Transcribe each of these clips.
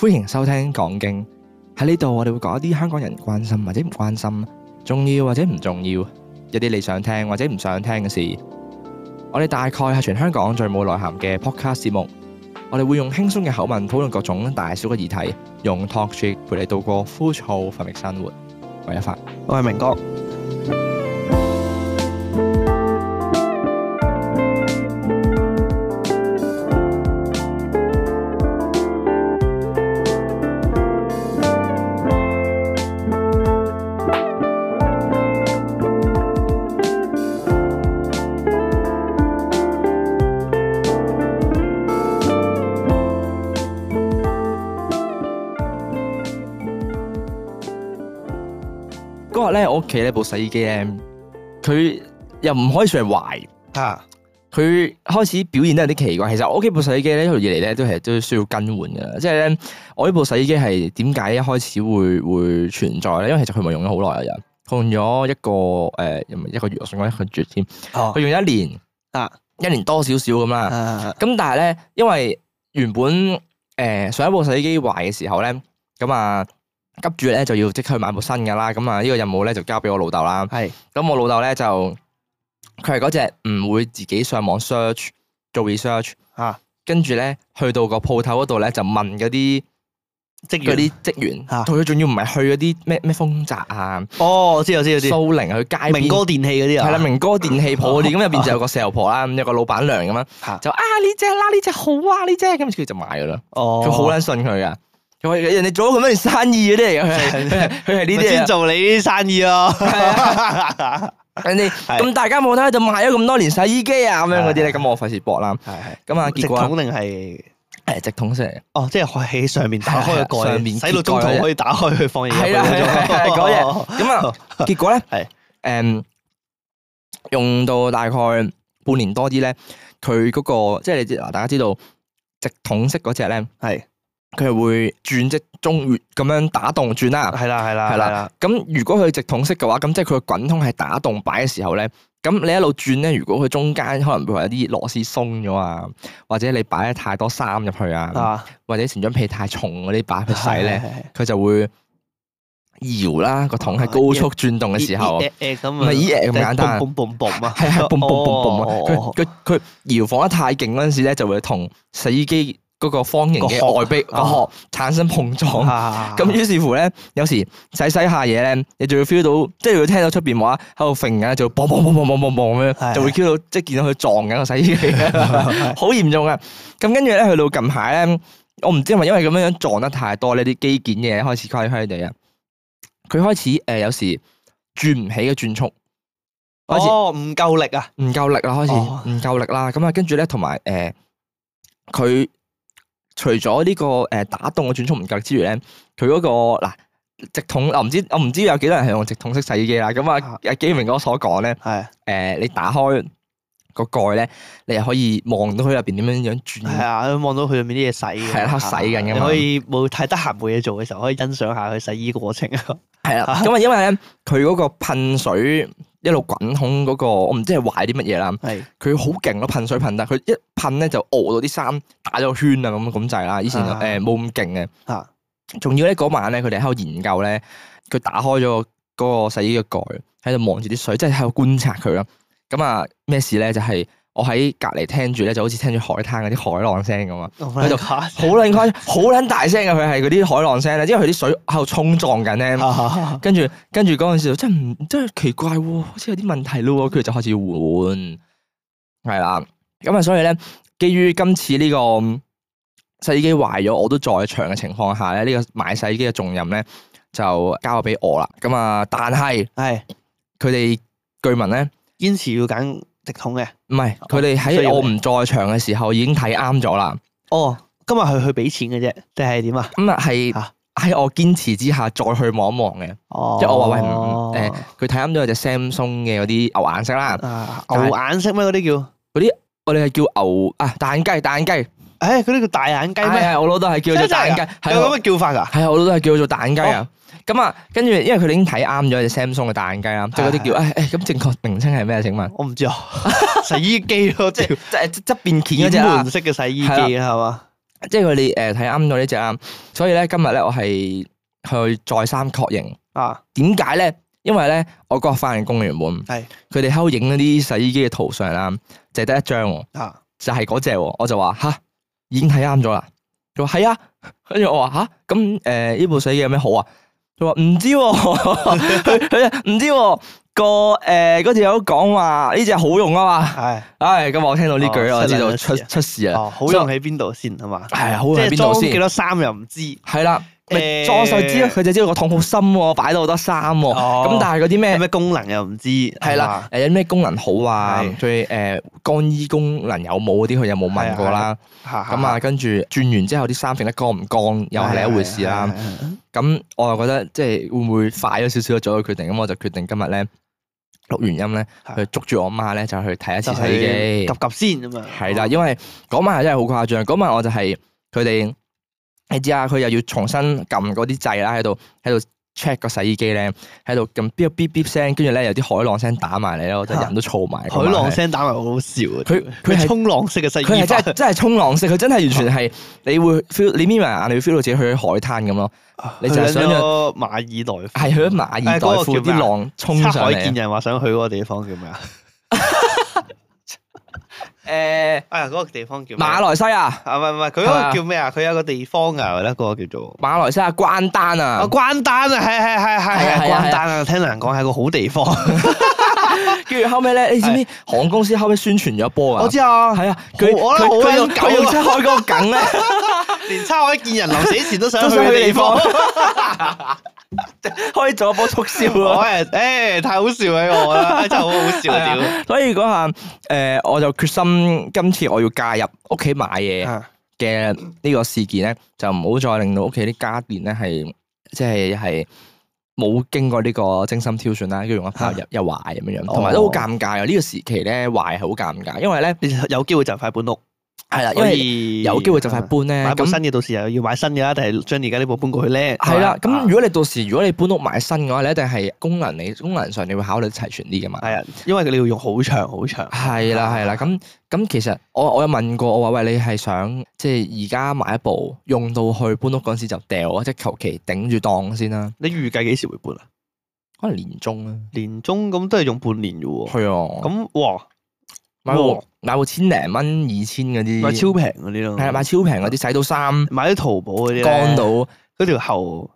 歡迎收聽講經，喺呢度我哋會講一啲香港人關心或者唔關心，重要或者唔重要，一啲你想聽或者唔想聽嘅事。我哋大概係全香港最冇內涵嘅 podcast 節目，我哋會用輕鬆嘅口吻討論各種大小嘅議題，用 talk shit 陪你度過枯燥乏味生活。我係一發，我係明哥。部洗衣機咧，佢又唔可以算係壞吓，佢開始表現得有啲奇怪。其實我屋企部洗衣機咧，一路以嚟咧都係都需要更換噶啦。即係咧，我呢部洗衣機係點解一開始會會存在咧？因為其實佢咪用咗好耐嘅人，用咗一個誒，有冇一個月？我上個一個月添，佢用咗一年啊，一年多少少咁啦。咁但係咧，因為原本誒上一部洗衣機壞嘅時候咧，咁啊。急住咧就要即刻去買部新噶啦，咁啊呢個任務咧就交俾我老豆啦。係，咁我老豆咧就佢係嗰隻唔會自己上網 search 做 research 吓，跟住咧去到個鋪頭嗰度咧就問嗰啲職嗰啲職員吓，佢仲要唔係去嗰啲咩咩豐澤啊？哦，我知我知我知，蘇寧去街明哥電器嗰啲啊，係啦，明哥電器鋪嗰啲，咁入邊就有個 sales 婆啦，咁有個老闆娘咁樣，就啊呢隻啦，呢隻好啊呢隻，咁跟住就買噶啦。哦，佢好撚信佢噶。仲人哋做咗咁多年生意嗰啲嚟，佢係呢啲先做你啲生意咯。咁大家冇睇就度賣咗咁多年洗衣機啊咁樣嗰啲咧，咁我費事搏啦。咁啊，結果肯定係誒直筒式嚟。哦，即係喺上面打開個蓋，洗到中途可以打開去放嘢。係啦，咁啊，結果咧係誒用到大概半年多啲咧，佢嗰個即係你知嗱，大家知道直筒式嗰隻咧係。佢會轉即中越咁樣打動轉啦，係啦係啦係啦。咁的的如果佢直筒式嘅話，咁即係佢滾筒係打動擺嘅時候咧，咁你一路轉咧，如果佢中間可能會有啲螺絲鬆咗啊，或者你擺咗太多衫入去啊，或者成張被太重嗰啲擺唔晒咧，佢是的 就會搖啦。個桶喺高速轉動嘅時候，咁咪 boom boom boom 佢佢搖晃得太勁嗰陣時咧，就會同洗衣機，嗰個方形嘅外壁個殼產生碰撞，咁於、啊、是乎咧，有時洗洗下嘢咧，你就要 feel 到，即係要聽到出邊話喺度揈嘅，就砰砰砰砰砰砰砰咁樣，啊、就會 feel 到即係見到佢撞緊個洗衣機，好嚴是的 重啊！咁跟住咧，去到近排咧，我唔知係咪因為咁樣樣撞得太多呢啲機件嘢開始虧虧地啊！佢開始誒，有時轉唔起嘅轉速，開始，哦，唔夠力啊，唔夠力啦，開始唔夠力啦，咁啊、哦，跟住咧，同埋誒，佢、呃。除咗呢個誒打動嘅轉速唔夠力之餘咧，佢嗰個嗱直筒，啊、我唔知我唔知有幾多人係用直筒式洗衣機啦。咁啊，基明哥所講咧，係誒的、呃、你打開個蓋咧，你又可以望到佢入邊點樣樣轉。係啊，望到佢入面啲嘢洗。係啊，洗緊。的你可以冇太得閒冇嘢做嘅時候，可以欣賞下佢洗衣過程啊。係啦的，咁啊，因為咧佢嗰個噴水。一路滾筒嗰個，我唔知係壞啲乜嘢啦。係佢好勁咯，噴水噴得，佢一噴咧就臥、呃、到啲衫打咗個圈啊，咁咁滯啦。以前誒冇咁勁嘅。啊，仲要咧嗰晚咧，佢哋喺度研究咧，佢打開咗嗰個洗衣嘅蓋，喺度望住啲水，即係喺度觀察佢咯。咁啊咩事咧？就係、是。我喺隔籬聽住咧，就好似聽住海灘嗰啲海浪聲咁啊！喺度好卵開，好卵大聲嘅佢係嗰啲海浪聲咧，因為佢啲水喺度衝撞緊咧。 跟住跟住嗰陣時真唔真係奇怪，好似有啲問題咯。佢哋就開始換，係啦。咁啊，所以咧，基於今次呢個洗衣機壞咗，我都在場嘅情況下咧，呢、這個買洗衣機嘅重任咧就交俾我啦。咁啊，但係係佢哋據聞咧，堅持要揀。直嘅，唔係佢哋喺我唔在場嘅時候已經睇啱咗啦。哦，今日係去俾錢嘅啫，定係點啊？咁啊，係喺我堅持之下再去望一望嘅。即係噢我話喂，誒、嗯，佢睇啱咗有隻 Samsung 嘅嗰啲牛眼色啦、呃，牛眼色咩嗰啲叫嗰啲？我哋係叫牛啊，大眼雞、大眼雞。誒，佢呢叫大眼雞。係係、哎，我老豆係叫做大眼雞。有咁嘅叫法噶、啊？係啊，我老豆係叫做大眼雞啊。咁啊、哦嗯，跟住因為佢哋已經睇啱咗隻 Samsung 嘅大眼雞啊，即係嗰啲叫誒誒，咁、哎哎、正確名稱係咩？請問？我唔知啊，洗衣機咯， 即係即係即變件門式嘅洗衣機係嘛？即係佢哋誒睇啱咗呢隻啊，所以咧今日咧我係去再三確認啊。點解咧？因為咧我嗰日翻緊工原本，係佢哋喺度影嗰啲洗衣機嘅圖上啦，就係得一張啊，就係嗰隻，我就話吓。已經睇啱咗啦，佢話係啊，跟住我話吓，咁誒呢部手機有咩好啊？佢話唔知、啊，佢唔 知、啊、個誒嗰條友講話呢隻好用啊嘛，係，唉，咁唉、嗯、我聽到呢句、哦、我知道出禮出，出事啊、哦，好用喺邊度先係嘛？係啊，即邊度先？裝幾以多衫又唔知，係啦、嗯。咪、嗯、裝就知咯，佢就知道個桶好深喎，擺到好多衫喎。咁、哦、但係嗰啲咩咩功能又唔知，係啦嗎。誒、啊、有咩功能好啊？最誒是乾衣功能有冇嗰啲？佢有冇問過啦？咁啊，跟住、啊啊、轉完之後啲衫整得乾唔乾又係另一回事啦、啊。咁、啊啊啊、我又覺得即係會唔會快咗少少早咗個決定？咁我就決定今日咧錄完音咧去、啊、捉住我媽咧就去睇一次洗衣機，及及先啊嘛。係啦， 因為嗰晚係真係好誇張，嗰晚我就係佢哋。你知啊，佢、嗯、又要重新撳嗰啲掣啦，喺度喺度 check 個洗衣機咧，喺度撳嗶嗶嗶聲，跟住咧有啲海浪聲打埋嚟咯，就人都燥埋。海浪聲打埋好好笑。佢佢係沖浪式嘅洗衣機，真係真係沖浪式，佢真係完全係你會 feel，你眯埋眼，你會 feel 到自己去咗海灘咁咯。你係想咗馬爾代夫？係去馬爾代夫啲、啊那個、浪衝海見人話想去嗰個地方叫咩啊？ 誒，啊嗰個地方叫馬來西亞啊，唔係唔係，佢嗰個叫咩啊？佢有個地方啊，我覺得嗰個叫做馬來西亞關丹啊，關丹啊，係係係係係關丹啊，聽人講係個好地方。跟住後尾咧，你知唔知航空公司後尾宣傳咗波啊？我知啊，係啊，佢我我我用叉開嗰個梗咧，連差我一見人臨死前都想去嘅地方。可咗波促銷啊！誒、 哎，太好笑啦我啦，真係好好笑。所以嗰下誒，我就決心今次我要加入屋企買嘢嘅呢個事件咧，就唔好再令到屋企啲家電咧，係即係係冇經過呢個精心挑選啦，跟住用一拍入又壞咁樣樣，同埋都好尷尬啊！呢、這個時期咧，壞係好尷尬，因為咧你有機會就快搬屋。係啦，因為有機會就快搬咧。咁新嘅，到時又要買新嘅啦，定係將而家呢部搬過去咧？係啦，咁如果你到時如果你搬屋買新嘅話，你一定係功能你功能上你會考慮齊全啲噶嘛？係啊，因為你要用好長好長。係啦係啦，咁咁其實我我有問過，我話喂，你係想即係而家買一部用到去搬屋嗰陣時就掉啊，即係求其頂住檔先啦。你預計幾時會搬啊？可能年中啊，年中咁都係用半年嘅喎？係啊，咁哇。買個買個千零蚊二千嗰啲，買超平嗰啲咯。係啊，買超平嗰啲洗到衫買咗淘寶嗰啲乾到嗰條喉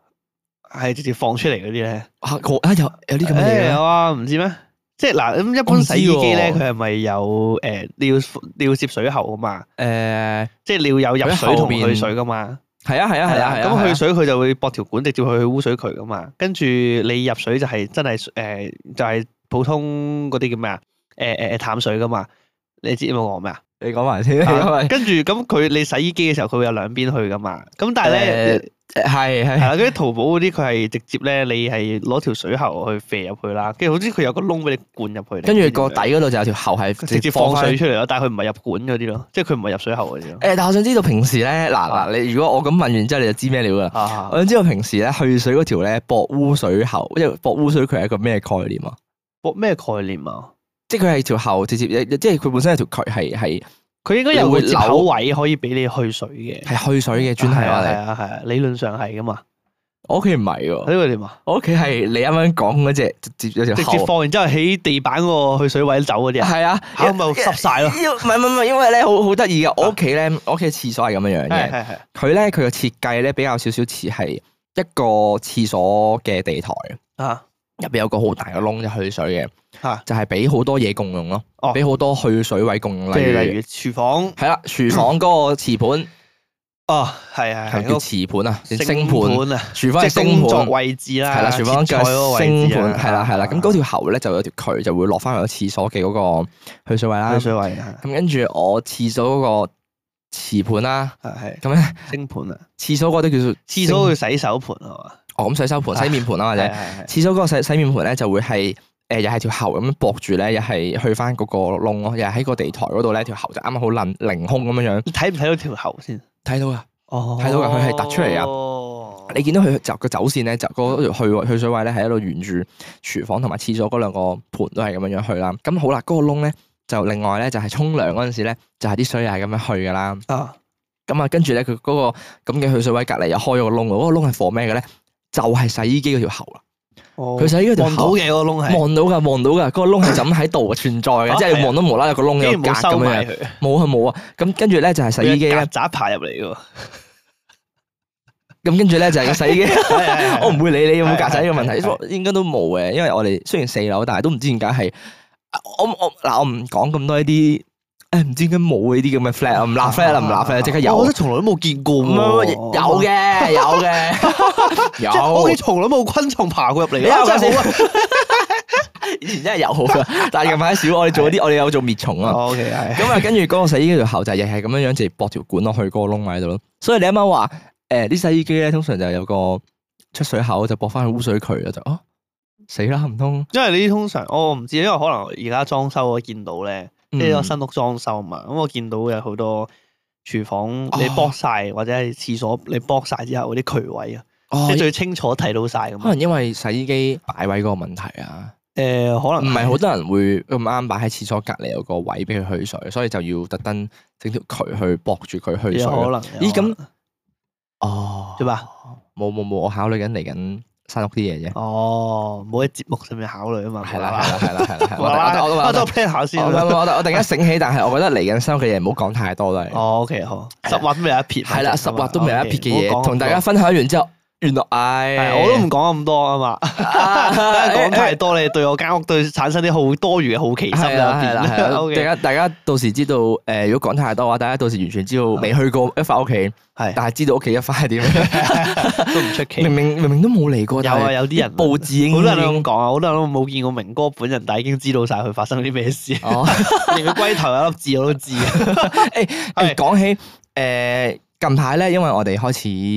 係直接放出嚟嗰啲咧啊，有有啲咁嘅嘢哇，唔知咩？即係嗱咁一般洗衣機咧，佢係咪有誒？你要你要接水喉啊嘛？誒，即係你要有入水同去水噶嘛？係啊係啊係啊，咁去水佢就會駁條管直接去污水渠噶嘛？跟住你入水就係真係誒，就係普通嗰啲叫咩啊？誒誒，淡、欸欸、水噶嘛？你知冇我咩啊？你講埋先。跟住咁佢，你洗衣機嘅時候，佢會有兩邊去噶嘛？咁但係咧，係係係啦。跟住淘寶嗰啲，佢係直接咧，你係攞條水喉去啡入去啦。跟住，好似佢有個窿俾你灌入去。跟住個，個底嗰度就有條喉係直接放水出嚟咯。嚨但係佢唔係入管嗰啲咯，即係佢唔係入水喉嗰啲。誒、欸，但我想知道平時咧，嗱嗱，你如果我咁問完之後，你就知咩料啦？喇喇我想知道平時咧去水嗰條咧駁污水喉，因為駁污水佢係一個咩概，概念啊？駁咩概念啊？即係佢係條喉直接，即係佢本身有條渠係係，佢應該又個接口位可以俾你去水嘅，係去水嘅專利嚟啊，係啊，理論上係噶嘛。我屋企唔係喎，呢個點啊？我屋企係你啱啱講嗰隻接直接放，然之後喺地板嗰個去水位走嗰啲啊。係啊，咁咪濕晒咯。唔係唔係，因為咧好好得意嘅，我屋企咧，我屋企廁所係咁樣樣嘅。佢咧佢個設計咧比較少少似係一個廁所嘅地台啊，入邊有個好大個窿就去水嘅。就係俾好多嘢共用咯，俾好多去水位共用，例如例如廚房係啦，廚房嗰個瓷盤哦，係係叫瓷盤啊，星盤啊，廚房嘅星盤位置啦，係啦，廚房嘅星盤係啦係啦，咁嗰條喉咧就有條渠就會落翻去廁所嘅嗰個去水位啦，水位。咁跟住我廁所嗰個瓷盤啦，係咁咧星盤啊，廁所嗰啲叫做廁所嘅洗手盤啊。嘛，哦，咁洗手盤、洗面盤啦或者，廁所嗰個洗洗面盤咧就會係。誒，又係條喉咁樣駁住咧，又係去返嗰個窿咯，又係喺個地台嗰度咧，條喉就啱啱好凌凌空咁樣樣。你睇唔睇到條喉先？睇到啊，睇到噶，佢係突出嚟啊。你見到佢就個走線咧，就去去水位咧，係一路沿住廚房同埋廁所嗰兩個盤都係咁樣樣去啦。咁好啦，嗰、那個窿咧就另外咧就係沖涼嗰陣時咧就係、是、啲水係咁樣去噶啦。啊、oh.，咁啊，跟住咧佢嗰個咁嘅去水位隔籬又開咗個窿，嗰、那個窿係放咩嘅咧？就係、是、洗衣機嗰條喉啦。佢就喺呢條望到嘅嗰個窿，係，望到噶，望到噶，嗰個窿係就咁喺度存在嘅，即係望到無啦啦個窿一格咁樣，冇啊冇啊。咁跟住咧就係洗衣機啦，閘排入嚟嘅。咁跟住咧就係個洗衣機，我唔會理你有冇格仔嘅問題，應該都冇嘅，因為我哋雖然四樓，但係都唔知點解係。我我嗱，我唔講咁多呢啲，誒，唔知點解冇呢啲咁嘅 flat 啊，唔拉 flat 啦，唔拉 flat 啦，即刻有。我都從來都冇見過，有嘅有嘅。有，即係昆蟲都冇昆蟲爬過入嚟，啊、真係好、啊、 以前真係有，好嘅，但係近排少。我哋做啲，我哋有做滅蟲啊。O K，係。咁啊，跟住嗰個洗衣機條喉就係咁樣樣，直係駁條管落去個窿喺度咯。所以你啱啱話誒，啲、呃、洗衣機咧通常就有個出水口，就駁翻去污水渠啊，就哦死啦，唔通？因為你啲通常我唔知，因為可能而家裝修我見到咧，呢個、嗯、新屋裝修嘛，咁我見到有好多廚房你駁晒，或者係廁所你駁晒之後嗰啲渠位啊。即最清楚睇到晒，可能因為洗衣機擺位嗰個問題啊，誒，可能唔係好多人會咁啱擺喺廁所隔籬有個位俾佢去水，所以就要特登整條渠去駁住佢去水。可能咦咁哦，對吧？冇冇冇，我考慮緊嚟緊三屋啲嘢啫。哦，冇喺節目上面考慮啊嘛，係啦係啦係啦係啦，我我我 plan 下先。我突然間醒起，但係我覺得嚟緊三屋嘅嘢唔好講太多啦。哦，OK 好，十劃都未有一撇，係啦，十劃都未有一撇嘅嘢，同大家分享完之後。原來唉，我都唔講咁多啊嘛，講太多你對我間屋對產生啲好多餘嘅好奇心又點？大家大家到時知道，誒，如果講太多嘅話，大家到時完全知道未去過一翻屋企，係，但係知道屋企一翻係點，都唔出奇。明明明明都冇嚟過，有啊，有啲人報紙，好多人咁講啊，好多人都冇見過明哥本人，但已經知道晒佢發生啲咩事，連佢龜頭有粒字我都知。誒，講起誒，近排咧，因為我哋開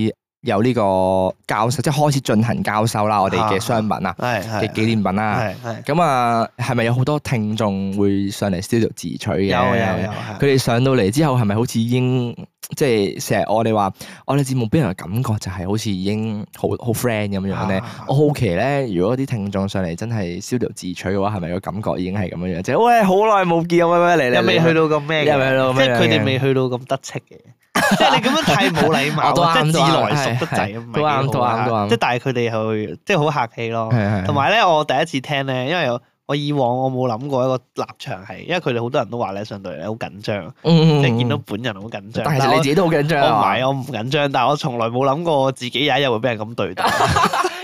始。有呢個交收，即、就、係、是、開始進行交收啦。我哋嘅商品啊，品啊，嘅紀念品啦，咁啊，係咪有好多聽眾會上嚟 studio 自取嘅？有有有。佢哋上到嚟之後，係咪好似已經即係成日我哋話我哋節目俾人嘅感覺就係好似已經好好 friend 咁樣咧？我、啊、好奇咧，如果啲聽眾上嚟真係 studio 自取嘅話，係咪個感覺已經係咁樣樣？即係喂，好耐冇見，喂喂嚟你未去到咁咩嘅？即係佢哋未去到咁得戚嘅。 即係你咁樣太冇禮貌，即係自來熟得滯，即係但係佢哋去，即係好客氣咯。同埋咧，我第一次聽咧，因為我以往我冇諗過一個立場係，因為佢哋好多人都話咧上到嚟好緊張，即係見到本人好緊張。但係其實你自己都好緊張。唔係，我唔緊張，但我從來冇諗過自己有一日會俾人咁對待。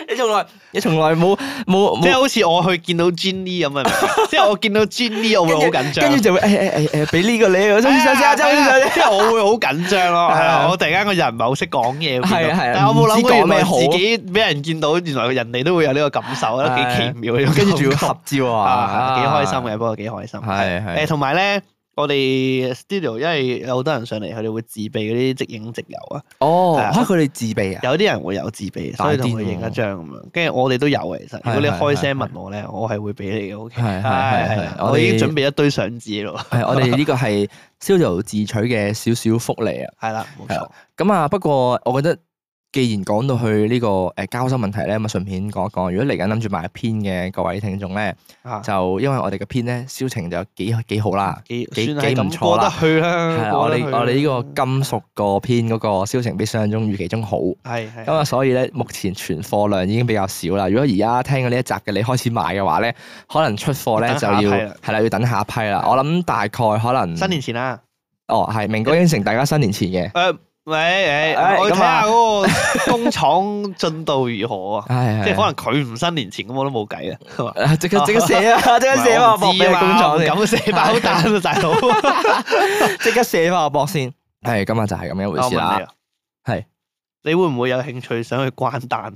你從來你從來冇冇即係好似我去見到 Jenny 咁啊，即係我見到 Jenny 我會好緊張，跟住，就會誒誒誒誒俾呢個你，我想即係我會好緊張咯，係啊，我突然間個人唔係好識講嘢，但係我冇諗過自己俾人見到，原來人哋都會有呢個感受，我覺得幾奇妙，跟住仲要合照啊，幾開心嘅。不過幾開心，係係，同埋咧。我哋 studio 因為有好多人上嚟，佢哋會自備嗰啲即影即有啊。哦，吓！佢哋自備啊！有啲人會有自備，所以同佢影一張咁樣。跟住我哋都有啊，其實如果你開聲問我咧，我係會俾你嘅。O K，係係係，我已經準備一堆相紙咯。係我哋呢個係 studio 自取嘅少少福利啊。係啦，冇錯。咁啊，不過我覺得。既然講到去呢個誒交收問題咧，咁啊，順便講一講。如果嚟緊諗住買一編嘅各位聽眾咧，啊、就因為我哋嘅編咧銷情就幾幾好啦，幾幾幾唔錯，過得去啦，係啦，我哋我哋呢個金屬個編嗰個銷情比想象中預期中好。係咁啊，所以咧，目前存貨量已經比較少啦。如果而家聽緊呢一集嘅你開始買嘅話咧，可能出貨咧就要係啦，要等下一批啦。嗯、我諗大概可能新年前啦。哦，係明哥應承大家新年前嘅。喂，誒，我睇下嗰個工廠進度如何啊？係即係可能佢唔新年前咁，我都冇計啦。即刻即刻寫啊！即刻寫翻我博工廠，咁寫爆單啊大佬！即刻寫翻我博先。係，今日就係咁一回事啦。係，你會唔會有興趣想去關丹？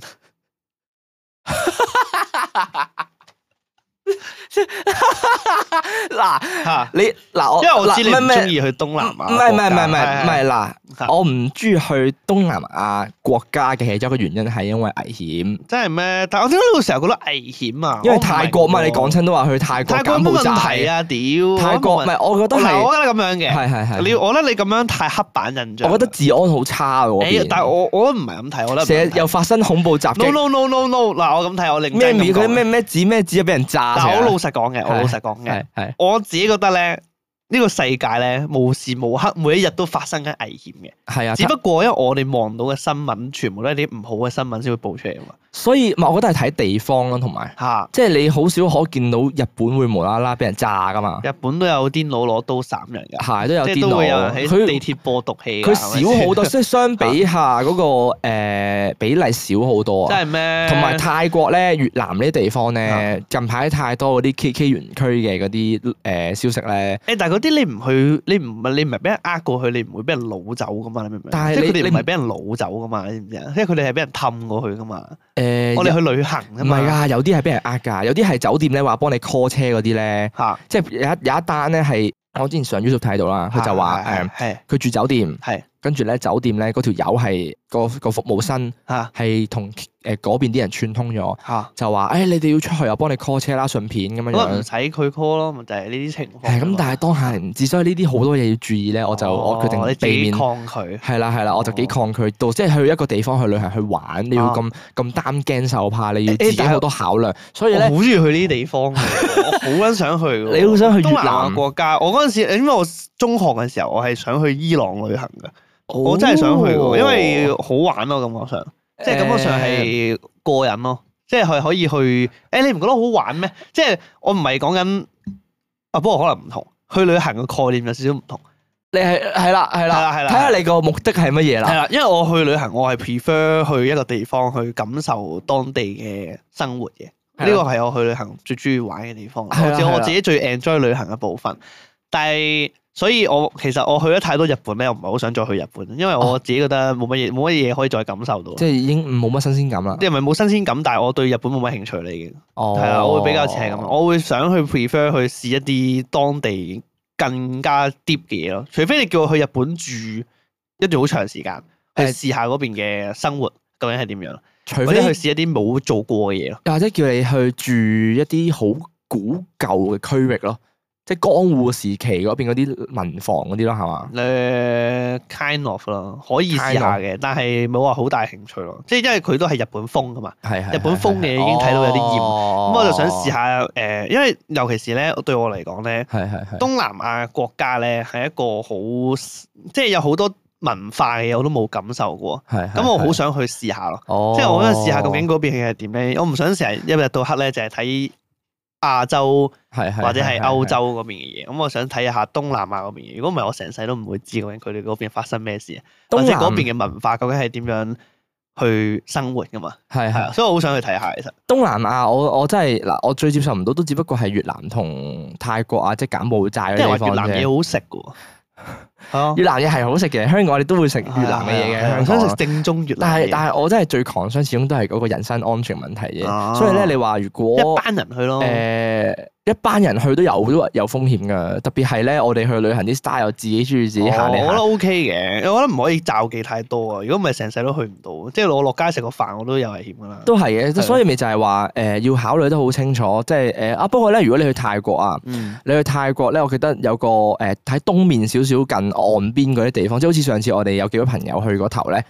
嗱，你嗱，因為我知你中意去東南亞。唔係唔係唔係唔係，嗱。我唔中意去東南亞國家嘅，其中一個原因係因為危險。真係咩？但係我聽到呢個時候覺得危險啊！因為泰國啊嘛，你講親都話去泰國恐怖襲擊啊！屌泰國唔係，我覺得係我覺得咁樣嘅，係係係。你我覺得你咁樣太刻板印象。我覺得治安好差喎。誒，但係我我唔係咁睇，我覺得。成日又發生恐怖襲擊。No no no no no！嗱，我咁睇，我你唔明講。咩咩咩紙咩紙啊！俾人炸。但係我老實講嘅，我老實講嘅，我自己覺得咧。呢個世界咧，無時無刻每一日都發生緊危險嘅，係啊。只不過因為我哋望到嘅新聞，全部都係啲唔好嘅新聞先會報出嚟啊嘛。所以，我覺得係睇地方咯，同埋，吓、啊，即係你好少可見到日本會無啦啦俾人炸噶嘛。日本都有癲佬攞刀斬人嘅，係、啊、都有癲佬，佢地鐵播毒氣，佢少好多，即係 相比下嗰、嗰個誒、 呃、比例少好多啊。即係咩？同埋泰國咧、越南呢啲地方咧，嗯、近排太多嗰啲 KK 園區嘅嗰啲誒消息咧。誒、欸，但係佢。啲你唔去，你唔你唔係俾人呃過去，你唔會俾人擄走噶嘛？你明唔明？即係佢哋你唔係俾人擄走噶嘛？你知唔知啊？因為佢哋係俾人氹過去噶嘛。誒，我哋去旅行啊唔係啊，有啲係俾人呃噶，有啲係酒店咧話幫你 call 車嗰啲咧。吓，即係有一有一單咧係，我之前上 YouTube 睇到啦，佢就話誒，佢住酒店，係跟住咧酒店咧嗰條友係個個服務生吓，係同。誒，嗰邊啲人串通咗，就話誒，你哋要出去，又幫你 call 車啦，順便咁樣樣。唔使佢 call 咯，咪就係呢啲情況。咁，但係當下，唔知，所以呢啲好多嘢要注意咧，我就我決定我避免拒。係啦係啦，我就幾抗拒到，即係去一個地方去旅行去玩，你要咁咁擔驚受怕，你要自己好多考量。所以我好中意去呢啲地方，我好想去。你好想去伊朗嘅國家？我嗰陣時，因為我中學嘅時候，我係想去伊朗旅行嘅，我真係想去，因為好玩咯，感覺上。即係感覺上係過癮咯，欸、即係可以去。誒、哎，你唔覺得好玩咩？即係我唔係講緊。啊，不過可能唔同，去旅行嘅概念有少少唔同。你係係啦，係啦，係啦，睇下你個目的係乜嘢啦。係啦，因為我去旅行，我係 prefer 去一個地方去感受當地嘅生活嘅。呢個係我去旅行最中意玩嘅地方，好似的我，我自己最 enjoy 旅行嘅部分。但係，所以我其實我去咗太多日本咧，我唔係好想再去日本，因為我自己覺得冇乜嘢，冇乜嘢可以再感受到。即係已經冇乜新鮮感啦。即係咪冇新鮮感，但係我對日本冇乜興趣嚟嘅。哦，係啊，我會比較斜咁，我會想去 prefer 去試一啲當地更加 deep 嘅嘢咯。除非你叫我去日本住一段好長時間，是去試下嗰邊嘅生活究竟係點樣，除非或者去試一啲冇做過嘅嘢咯。或者叫你去住一啲好古舊嘅區域咯。即係江戶時期嗰邊嗰啲民房嗰啲咯，係嘛？誒、uh,，kind of 咯，可以試下嘅，Kind of. 但係冇話好大興趣咯。即係因為佢都係日本風㗎嘛，日本風嘅已經睇到有啲厭，咁、哦嗯、我就想試下誒，因、呃、為尤其是咧對我嚟講咧，係係係。東南亞國家咧係一個好，即係有好多文化嘅嘢我都冇感受過，咁是我好想去試下咯，哦、即係我想試下究竟嗰邊係點咧。我唔想成日一,一日到黑咧就係睇。亞洲係或者係歐洲嗰邊嘅嘢，咁我想睇下東南亞嗰邊。如果唔係，我成世都唔會知究竟佢哋嗰邊發生咩事，東南或者嗰邊嘅文化究竟係點樣去生活噶嘛？係係啊，所以我好想去睇下。其實東南亞，我我真係嗱，我最接受唔到都只不過係越南同泰國啊，即係柬埔寨嗰啲地方啫。即係話越南嘢好食噶。越南嘢係好食嘅，香港我哋都會食越南嘅嘢嘅，我想食正宗越南但。但係但係我真係最狂，想始終都係嗰個人身安全問題嘅，啊、所以咧你話如果一班人去咯，誒、呃。一班人去都有都話有風險噶，特別係咧，我哋去旅行啲 style 自己注意自己行、哦、我覺得 OK 嘅，我覺得唔可以驕忌太多啊！如果唔係成世都去唔到，即係我落街食個飯，我都有危險噶啦。都係嘅，所以咪就係話誒，的要考慮得好清楚，即係誒。啊，不過咧，如果你去泰國啊，嗯、你去泰國咧，我記得有個誒喺東面少少近岸邊嗰啲地方，即係好似上次我哋有幾位朋友去嗰頭咧，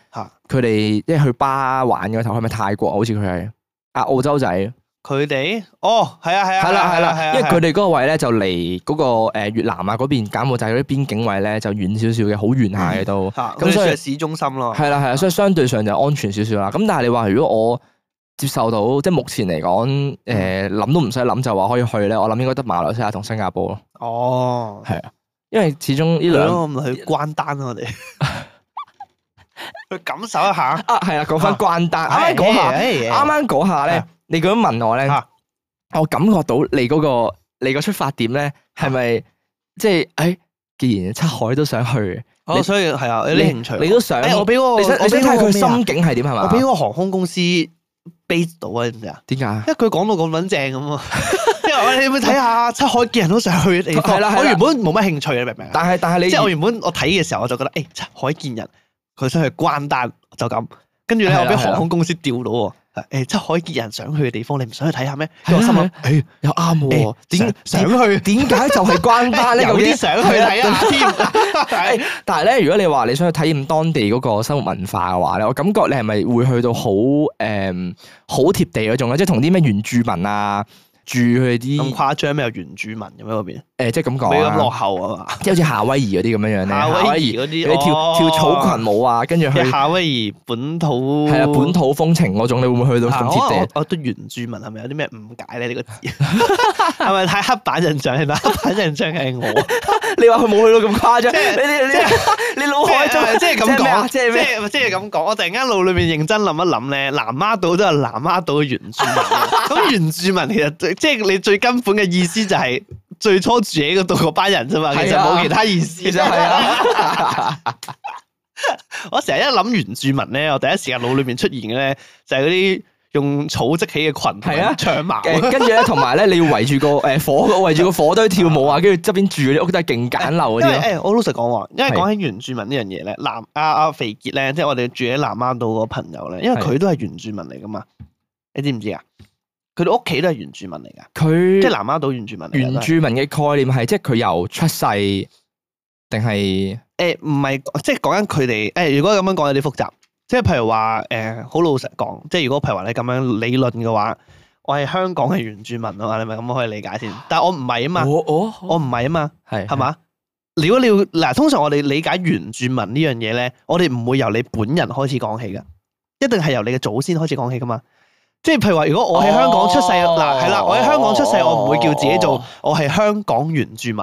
佢哋即係去巴玩嗰頭係咪泰國？好似佢係啊澳洲仔。佢哋哦，係啊，係啊，係啦，係啦，因為佢哋嗰個位咧就離嗰個誒越南啊嗰邊柬埔寨嗰啲邊境位咧就遠少少嘅，好遠下嘅都。咁所以係市中心咯。係啦，係啊，所以相對上就安全少少啦。咁但係你話如果我接受到，即係目前嚟講，誒諗都唔使諗就話可以去咧，我諗應該得馬來西亞同新加坡咯。哦，係啊，因為始終呢兩，我咪去關丹我哋去感受一下。啊，係啊，講翻關丹，啱啱嗰下，啱啱下咧。你咁樣問我咧，我感覺到你嗰個你個出發點咧，係咪即係誒？既然七海都想去，所以係啊，有啲興趣，你都想。我俾我俾睇佢心境係點係咪？我俾嗰個航空公司 base 到啊，你唔知啊？點解？因為佢講到咁捻正咁啊！你有冇睇下七海見人都想去地方？我原本冇乜興趣，你明唔明？但係但係你即係我原本我睇嘅時候，我就覺得誒，七海見人，佢想去關丹就咁，跟住咧我俾航空公司釣到。誒，即係、欸、可以結人想去嘅地方，你唔想去睇下咩？我心諗，誒又啱喎。點、啊欸、 想去？點解就係關丹呢個啲想去睇添。但係咧，如果你話你想去體驗當地嗰個生活文化嘅話咧，我感覺你係咪會去到好誒好貼地嗰種咧？即係同啲咩原住民啊？住佢啲咁誇張咩？有原住民咁樣嗰邊？誒，即係咁講，比較落後啊嘛，即係好似夏威夷嗰啲咁樣樣咧。夏威夷嗰啲，你跳跳草裙舞啊，跟住去夏威夷本土，係啊，本土風情嗰種，你會唔會去到咁徹底？哦，啲原住民係咪有啲咩誤解咧？呢個字係咪太黑板印象？係咪黑板印象係我？你話佢冇去到咁誇張，你你你你腦海中即係咁講，即係即係咁講，我突然間腦裏面認真諗一諗咧，南丫島都係南丫島嘅原住民，咁原住民其實最。即係你最根本嘅意思就係最初住喺嗰度嗰班人啫嘛，其實冇其他意思。其實係啊，我成日一諗原住民咧，我第一時間腦裏面出現嘅咧就係嗰啲用草織起嘅裙同埋長矛， 跟住咧同埋咧你要圍住個誒、呃、火圍住個火堆跳舞啊，跟住側邊住啲屋都係勁簡陋嗰啲誒，我老實講話，因為講起原住民呢樣嘢咧，南阿阿肥杰咧，即係我哋住喺南丫島嗰個朋友咧，因為佢都係原住民嚟噶嘛，你知唔知啊？佢哋屋企都係原住民嚟噶。佢即係南丫島原住民，原住民嘅概念係、呃，即係佢由出世定係？誒，唔係，即係講緊佢哋。誒，如果咁樣講有啲複雜，即係譬如話，誒、呃，好老實講，即係如果譬如話你咁樣理論嘅話，我係香港嘅原住民啊嘛， 你咪咁可以理解先。但係我唔係啊嘛，哦哦、我我我唔係啊嘛，係係嘛？如果你嗱，通常我哋理解原住民呢樣嘢咧，我哋唔會由你本人開始講起噶，一定係由你嘅祖先開始講起噶嘛。即係譬如話，如果我喺香港出世，嗱係啦，我喺香港出世，我唔會叫自己做，我係香港原住民，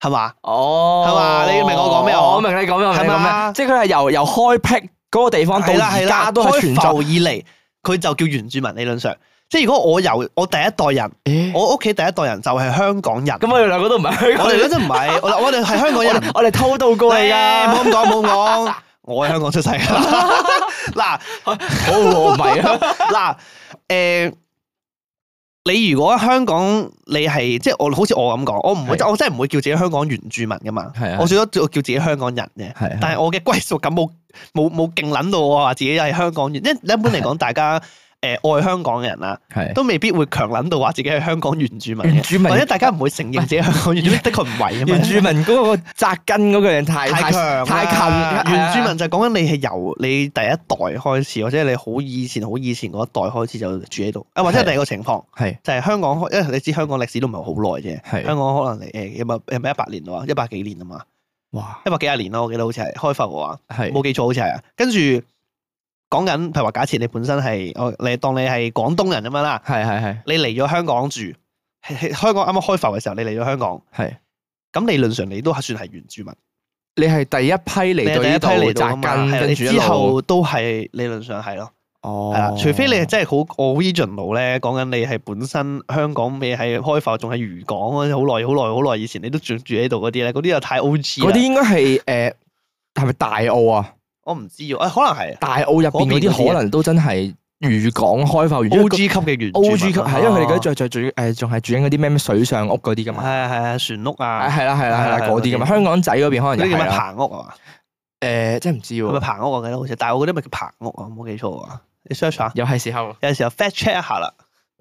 係嘛？哦，係嘛？你明我講咩？我明你講咩？係咪啊？即係佢係由由開闢嗰個地方到而家都存在以嚟，佢就叫原住民。理論上，即係如果我由我第一代人，我屋企第一代人就係香港人。咁我哋兩個都唔係香港人，我哋嗰陣唔係，我我哋係香港人，我哋偷渡過嚟嘅，冇咁講，冇咁講。我喺香港出世，嗱好羅密啊，嗱，誒，你如果香港你，你係即係我，好似我咁講，我唔會真，是的 我真唔會叫自己香港原住民噶嘛，係啊，我最多我叫自己香港人嘅，係是的，但係我嘅歸屬感冇冇冇勁捻到我話自己係香港人，是的 因你一般嚟講大家。是的 誒，愛香港嘅人啦，都未必會強捻到話自己係香港原住民，原住民或者大家唔會承認自己係香港原住民的確的，的確唔係啊。原住民嗰個紮根嗰個人太太強強，太，強太近。原住民就係講緊你係由你第一代開始，對 或者你好以前好以前嗰一代開始就住喺度啊，或者係第二個情況係對 就係香港，對 因為你知香港歷史都唔係好耐啫，香港可能誒有冇有冇一百年啊，一百幾年啊嘛，哇，一百幾廿年咯，我記得好似係開埠嘅話，係冇對 記錯好似係，跟住。講緊，譬如話假設你本身係我，你當你係廣東人咁樣啦，係係係，你嚟咗香港住，香港啱啱開埠嘅時候，你嚟咗香港，係咁理論上你都算係原住民，你係第一批嚟到呢度扎根，跟住監、啊、之後都係理論上係咯，係啦監，哦、除非你係真係好 original 咧，講緊你係本身香港未係開埠仲係漁港好耐好耐好耐以前你都住住喺度嗰啲咧，嗰啲又太 OG，嗰啲應該係誒係咪大澳啊？ 我唔知喎，誒可能係大澳入邊嗰啲，可能都真係漁港開發，O G 級嘅原 O G 級，係因為佢哋嗰啲著著住誒，仲係住緊嗰啲咩水上屋嗰啲噶嘛？係啊係啊，船屋啊，係啦係啦係啦，嗰啲咁香港仔嗰邊可能有啲叫咩棚屋啊？誒真係唔知喎，棚屋我記得好似，但係嗰啲咪叫棚屋啊？冇記錯啊？你 search 下又係時候，有時候 fact check 一下啦。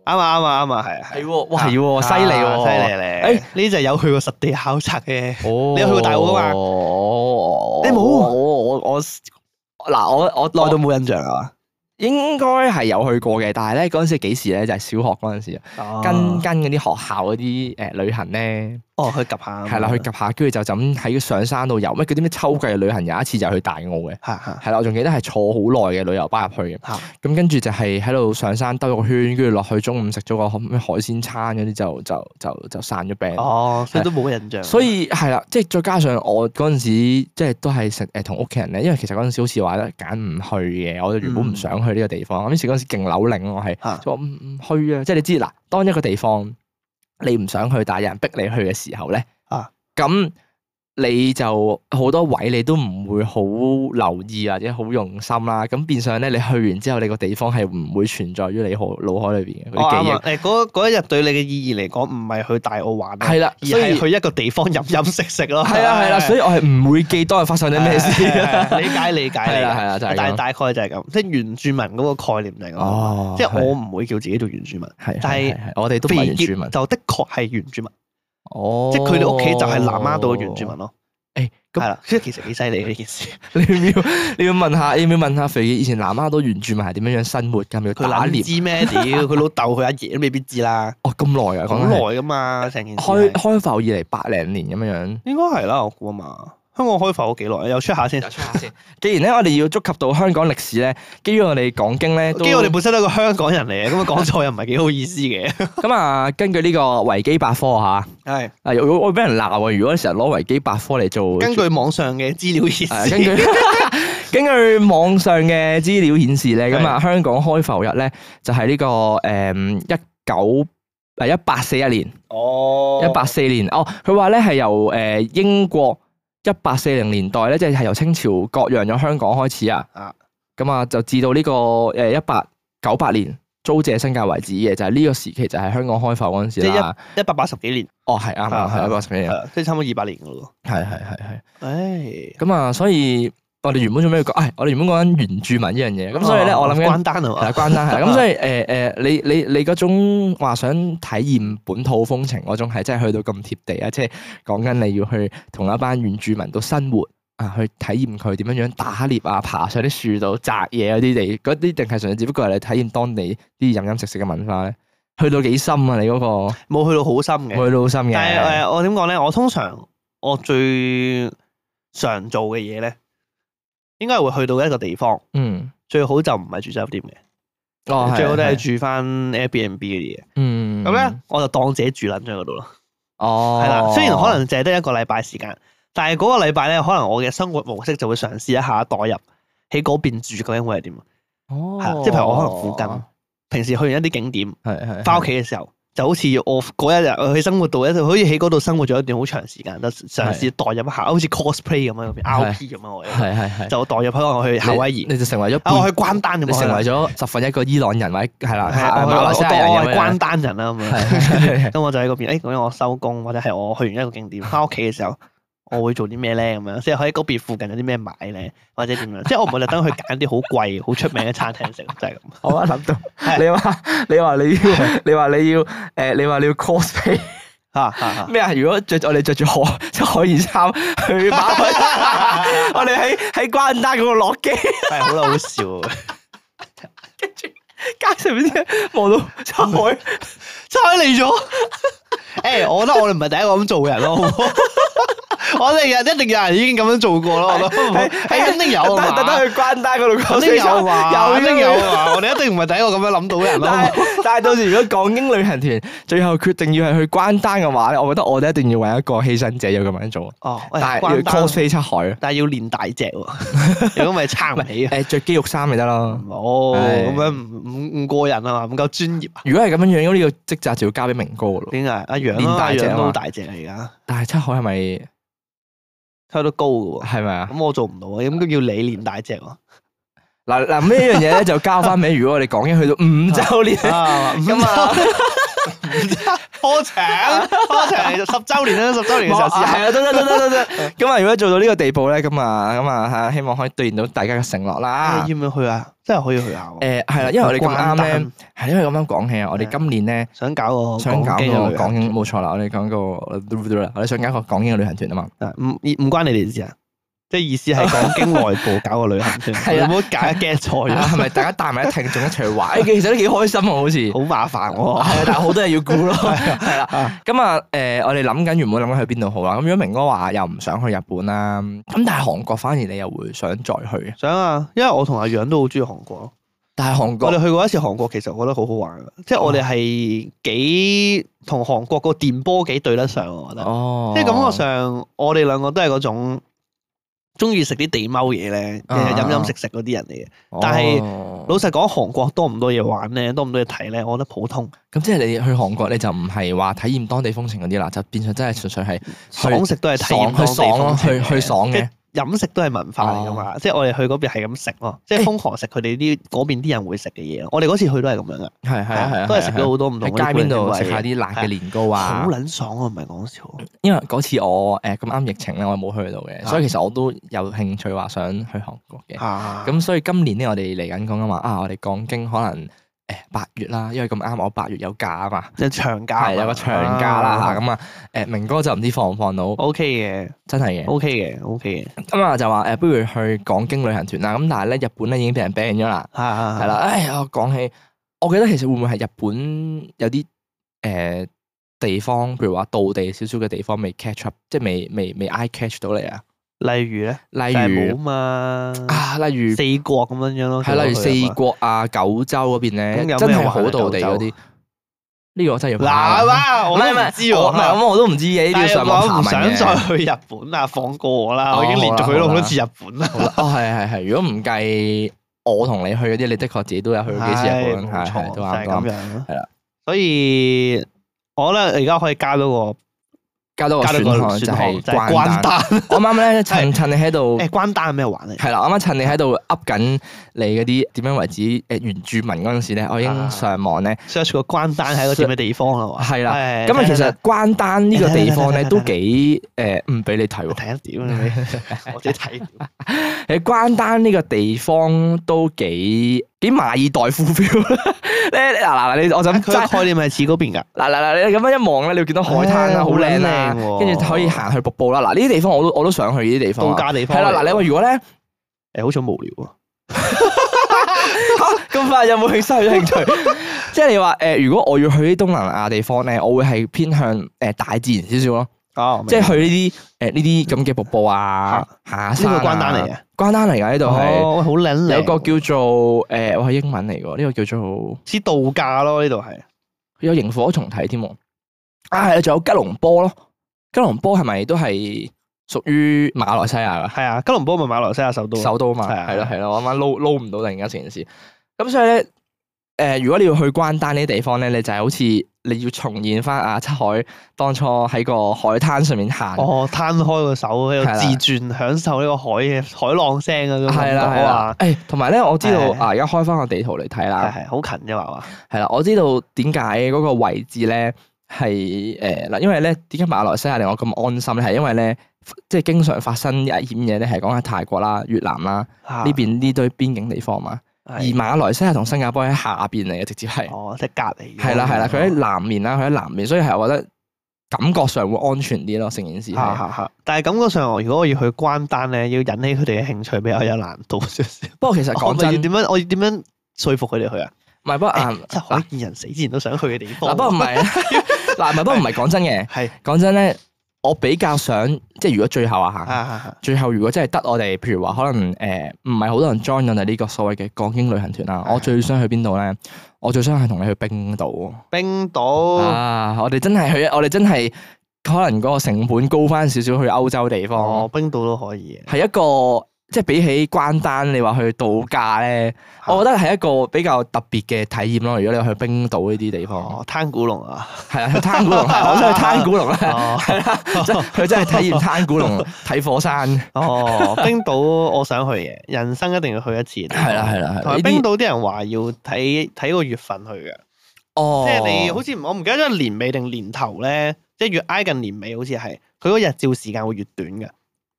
啱啊啱啊啱啊，係係喎，啊、哇係犀利喎，犀利你哎，呢就有去過實地考察嘅，哦、 你有去過大澳啊嘛？哦，你哦，我我我嗱，我我耐都冇印象啊，我應該係有去過嘅，但係咧嗰陣時幾時咧？就係、是、小學嗰陣時，哦、跟跟嗰啲學校嗰啲誒旅行咧。哦，去及下，係啦，去及下，跟住就咁喺上山度遊咩？嗰啲咩秋季旅行有一次就去大澳嘅，係係，係啦，我仲記得係坐好耐嘅旅遊巴入去嘅，咁跟住就係喺度上山兜個圈，跟住落去中午食咗個咩海鮮餐，跟住就就就就散咗病。哦，所以都冇乜印象。所以係啦，即係再加上我嗰陣時，即係都係食誒同屋企人咧，因為其實嗰陣時好似話咧揀唔去嘅，我原本唔想去呢個地方。我以前嗰陣時勁扭擰，我係，就話唔唔去啊！即係你知嗱，當一個地方。你唔想去，但係有人逼你去嘅時候咧，啊，咁。你就好多位，你都唔會好留意或者好用心啦。咁變相咧，你去完之後，你個地方係唔會存在於你腦腦海裏邊嘅啲記憶。我啱啊！誒，嗰一日對你嘅意義嚟講，唔係去大澳玩，係啦，而係去一個地方飲飲食食咯。係啊係啦，所以我係唔會記當日發生啲咩事。理解理解嚟嘅，係啦係啦，大大概就係咁，即係原住民嗰個概念嚟噶嘛。哦，即係我唔會叫自己做原住民，係，但係我哋都係原住民。就的確係原住民。哦，即係佢哋屋企就係南丫島嘅原住民咯。誒、欸，係啦，即係其實幾犀利呢件事。你要 你要問下，你要問下肥以前南丫島原住民係點樣樣生活噶？佢阿爺知咩？屌佢老豆，佢阿爺都未必知啦。哦，咁耐啊，好耐噶嘛，成件事開開埠以嚟百零年咁樣樣，應該係啦，我估啊嘛。香港開埠咗幾耐？又出下先。又出下先。既然咧，我哋要觸及到香港歷史咧，基於我哋講經咧，基於我哋本身都係個香港人嚟嘅，咁啊講錯又唔係幾好意思嘅。咁啊，根據呢個維基百科吓，係啊，我我俾人鬧啊，如果成日攞維基百科嚟做。根據網上嘅資料顯示。根據根據網上嘅資料顯示咧，咁啊，香港開埠日咧就係呢個誒一九誒一八四一年。哦。一八四年哦，佢話咧係由誒英國。一八四零年代咧，即、就、係、是、由清朝割讓咗香港開始啊！啊，咁啊就至到呢個誒一八九八年租借新界為止嘅，就係、是、呢個時期就係香港開埠嗰陣時即係一百八十幾年。哦，係啱啱，一百八十幾年，即係差唔多二百年噶咯。係係係係，唉，咁啊、哎，所以。我哋原本做咩講？誒、哎，我哋原本講緊原住民呢樣嘢，咁、哦、所以咧，我諗關丹係嘛，關丹係。咁所以誒誒、呃，你你你嗰種話想體驗本土風情嗰種，係真係去到咁貼地啊？即係講緊你要去同一班原住民到生活啊，去體驗佢點樣樣打獵啊，爬上啲樹度摘嘢嗰啲地，嗰啲定係純粹？只不過係你體驗當地啲飲飲食食嘅文化咧，去到幾深啊？你嗰、那個冇去到好深嘅，冇去到好深嘅。但係誒、呃，我點講咧？我通常我最常做嘅嘢咧。應該會去到一個地方，嗯，最好就唔係住酒店嘅，哦，係係，最好都係住翻 Airbnb 嗰啲嘢，嗯，咁咧我就當自己住捻住嗰度咯，哦，係啦，雖然可能淨係得一個禮拜時間，但係嗰個禮拜咧，可能我嘅生活模式就會嘗試一下代入喺嗰邊住究竟會係點，哦，即係譬如我可能附近，平時去完一啲景點，係係，翻屋企嘅時候。哦就好似我嗰一日，我喺生活度一，好似喺嗰度生活咗一段好長時間，就嘗試代入一下，好似 cosplay 咁啊，嗰邊 RP 咁啊，我係，就代入咗我去夏威夷，你就成為咗，我去關丹咁，成為咗十分一個伊朗人，或者係啦，我當關丹人啦咁啊，咁我就喺嗰邊，誒，咁樣我收工，或者係我去完一個景點翻屋企嘅時候。我會做啲咩咧？咁樣即係喺嗰邊附近有啲咩買咧，或者點樣？即係我唔會就等佢揀啲好貴、好出名嘅餐廳食，就係咁。我諗到你話你話你要，你話你要誒，你話你要 cosplay 啊？咩啊？如果着我哋着住海即係海鹽衫去，我哋喺喺關丹嗰個落機，係 好、 嗯、好笑。跟住街上面啲望到出海差，差嚟咗。誒、欸，我覺得我哋唔係第一個咁做人咯。好我哋日一定有人已經咁樣做過咯，我都係肯定有啊嘛。特登去關丹嗰度，肯定有嘛，定有我哋一定唔係第一個咁樣諗到人啦。但係到時如果港英旅行團最後決定要係去關丹嘅話咧，我覺得我哋一定要揾一個犧牲者要咁樣做。哦，但係要飛出海，但係要練大隻喎，如果咪撐唔起誒，着肌肉衫咪得咯。哦，咁樣唔唔過人啊嘛，唔夠專業。如果係咁樣樣，呢個職責就要交俾明哥咯。點解？一樣練大隻都大隻嚟噶。但係出海係咪？睇到高嘅喎，係咪啊？咁我做唔到啊，咁叫你練大隻喎。嗱嗱， 呢樣嘢咧就交翻俾，如果我哋講經去到五周年，咁 啊。多請多請，十周年啦，十周年嘅時候，係啊，得得得得得。咁啊，如果做到呢個地步咧，咁啊，咁啊吓，希望可以兌現到大家嘅承諾啦。要唔要去啊？真係可以去下。誒係啦，因為我哋咁啱咧，係因為咁樣講起啊，我哋今年咧想搞個想搞個講經，冇錯啦，我哋講個，我哋想搞個講經嘅旅行團啊嘛。唔唔關你哋事啊。即意思係講經外部搞個旅行，係啊，唔好搞，驚錯咗係咪？大家帶埋啲聽眾一齊去玩，其實都幾開心啊，好似好麻煩喎，係啊，但係好多嘢要顧咯，係啦。咁啊，誒，我哋諗緊，原本諗緊去邊度好啦。咁如果明哥話又唔想去日本啦，咁但係韓國反而你又會想再去？想啊，因為我同阿楊都好中意韓國咯。但係韓國，我哋去過一次韓國，其實我覺得好好玩嘅，即係我哋係幾同韓國個電波幾對得上，我覺得哦，即係感覺上我哋兩個都係嗰種。中意食啲地踎嘢咧，其實飲飲食食嗰啲人嚟嘅。但係老實講，韓國多唔多嘢玩咧？多唔多嘢睇咧？我覺得普通。咁即係你去韓國，你就唔係話體驗當地風情嗰啲啦，就變相真係純粹係爽食都係體驗去，去爽去去爽嘅。飲食都係文化嚟㗎嘛，哦、即係我哋去嗰邊係咁食咯，欸、即係瘋狂食佢哋啲嗰邊啲人會食嘅嘢。我哋嗰次去都係咁樣嘅，係係係，都係食咗好多唔同街邊度食下啲辣嘅年糕啊，好撚爽啊！唔係講笑。因為嗰次我誒咁啱疫情咧，我冇去到嘅，所以其實我都有興趣話想去韓國嘅。咁、啊、所以今年咧，我哋嚟緊講啊嘛，啊我哋講經可能，八月啦，因為咁啱我八月有假啊嘛，即係長假，係有個長假啦吓，咁啊，誒明哥就唔知放唔放到，O K 嘅，okay、的真係嘅，O K 嘅，O K 嘅，咁啊、okay okay、就話誒，不如去港京旅行團啦，咁但係咧日本咧已經俾人 ban 咗啦，係係係，係啦，哎呀，我講起，我記得其實會唔會係日本有啲誒、呃、地方，譬如話道地少少嘅地方未 catch up，即係未未未 I catch 到你啊？例如咧，例如啊嘛，啊，例如四國咁樣樣咯，係，例如四國啊、九州嗰邊咧，真係好道地嗰啲。呢個我真係要嗱，我唔知喎，咁我都唔知嘅。但係我唔想再去日本啊，放過我啦！我已經連續去咗好多次日本啦。哦，係係係，如果唔計我同你去嗰啲，你的確自己都有去過幾次日本，係咁樣。係啦，所以我覺得而家可以加多個。加多個選項就係關丹。我啱啱咧趁趁你喺度，誒，關丹有咩玩咧？係啦，我啱啱趁你喺度噏緊你嗰啲點樣為止誒原住民嗰陣時咧，我已經上網咧 search 個關丹喺個咩地方啦？係啦，咁啊其實關丹呢個地方咧都幾誒唔俾你睇喎。睇一點？我自己睇。喺關丹呢個地方都幾。幾馬爾代夫 feel 咧，嗱嗱，你，你我諗佢概念咪似嗰邊噶嗱嗱嗱，你咁樣一望咧，你會見到海灘啊，好靚啊，跟住就可以行去瀑布啦。嗱、嗯，呢啲地方我都我都想去呢啲地方度假地方係啦。嗱，你話如果咧誒、欸，好似無聊啊，咁 快有冇興趣興趣？即係你話誒，如果我要去啲東南亞地方咧，我會係偏向誒大自然少少咯。啊、哦，即係去呢啲誒呢啲咁嘅瀑布啊，先會下山 關丹嚟啊！關丹嚟噶，呢度係，好靚靚。有個叫做誒，我係英文嚟噶，呢個叫做。似、欸、度假咯，呢度係。有螢火蟲睇添喎。啊，係啊，仲有吉隆坡咯。吉隆坡係咪都係屬於馬來西亞噶？係啊，吉隆坡咪馬來西亞首都，首都啊嘛。係啊，係咯、啊，係咯、啊。我啱啱撈撈唔到突然間成件事，咁所以咧。誒，如果你要去關丹呢啲地方咧，你就係好似你要重現翻阿七海當初喺、哦、個海灘上面行，哦的，攤開個手喺度自轉，享受呢個海嘅海浪聲咁樣係啦，係啦，誒，同埋咧，我知道的啊，而家開翻個地圖嚟睇啦，係，好近啫嘛，係啦，我知道點解嗰個位置咧係誒嗱，因為咧點解馬來西亞令我咁安心咧，係因為咧即係經常發生危險嘢咧，係講喺泰國啦、越南啦呢邊呢堆邊境地方啊嘛。而馬來西亞同新加坡喺下邊嚟嘅，直接係哦，即隔離。係啦，係啦，佢喺南面啦，佢喺南面，所以係我覺得感覺上會安全啲咯。成件事，係係但係感覺上，如果我要去關丹咧，要引起佢哋嘅興趣比較有難度。不過其實講真，要點樣，我要點樣説服佢哋去啊？唔係，不過啊，即係可見人死之前都想去嘅地方。不過唔係，嗱，唔係，不過唔係講真嘅，係講真咧。我比較想即係如果最後啊吓，啊最後如果真係得我哋，譬如話可能誒唔係好多人 join 咗你呢個所謂嘅港英旅行團啊我，我最想去邊度咧？我最想係同你去冰島。冰島啊，我哋真係去，我哋真係可能嗰個成本高翻少少去歐洲地方，哦、冰島都可以，係一個。即係比起關丹，你話去度假咧，嗯、我覺得係一個比較特別嘅體驗咯。如果你去冰島呢啲地方，哦，攤古龍啊，係啊，去攤古龍，我想去攤古龍啦。哦，即係佢真係體驗攤古龍，睇火山。哦，冰島我想去嘅，人生一定要去一次。係啦係啦，同埋冰島啲人話要睇睇個月份去嘅。哦，即係你好似我唔記得咗年尾定年頭咧，即係越挨近年尾好，好似係佢嗰日照時間會越短嘅。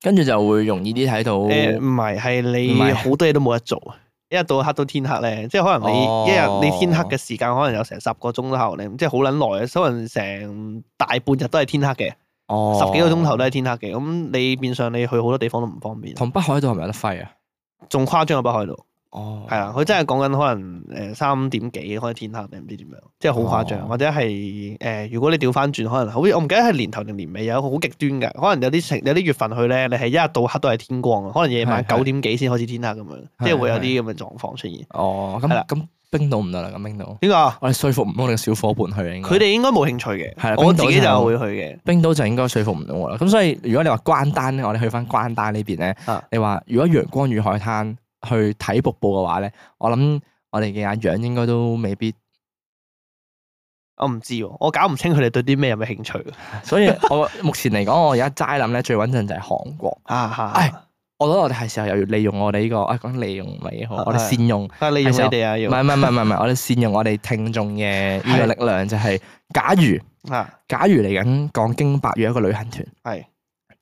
跟住就會容易啲睇到。誒，唔係，係你好多嘢都冇得做啊！是一日到黑到天黑咧，即係可能你一日你天黑嘅時間可能有成十個鐘頭咧，哦、即係好撚耐啊！可能成大半日都係天黑嘅，哦、十幾個鐘頭都係天黑嘅。咁你變相你去好多地方都唔方便。同北海道係咪有得揮啊？仲誇張過北海道。哦，係啊、oh.，佢真係講緊可能誒三點幾開始天黑定唔知點樣，即係好誇張，或者係誒，如果你調翻轉，可能好我唔記得係年頭定年尾有一個好極端嘅，可能有啲有啲月份去咧，你係一日到黑都係天光，可能夜晚九點幾先開始天黑咁樣，即係會有啲咁嘅狀況出現。哦，咁咁冰島唔得啦，咁冰島呢個我哋說服唔到我哋嘅小伙伴去，佢哋應該冇興趣嘅，係啦，我自己就會去嘅。冰島就應該說服唔到我啦。咁所以如果你話關丹咧，我哋去翻關丹呢邊咧，你話如果陽光與海灘。去睇瀑布嘅話咧，我諗我哋嘅眼樣應該都未必，我唔知，我搞唔清佢哋對啲咩有咩興趣。 所以我目前嚟講，我而家齋諗咧，最穩陣就係韓國。係，我覺得我哋係時候又要利用我哋呢、這個，誒、啊，講利用咪好。我哋善用。啊，你用你啊，利用。唔係唔係唔係唔係，我哋善用我哋聽眾嘅呢個力量，就係假如，啊，假如嚟緊講經百月一個旅行團，係。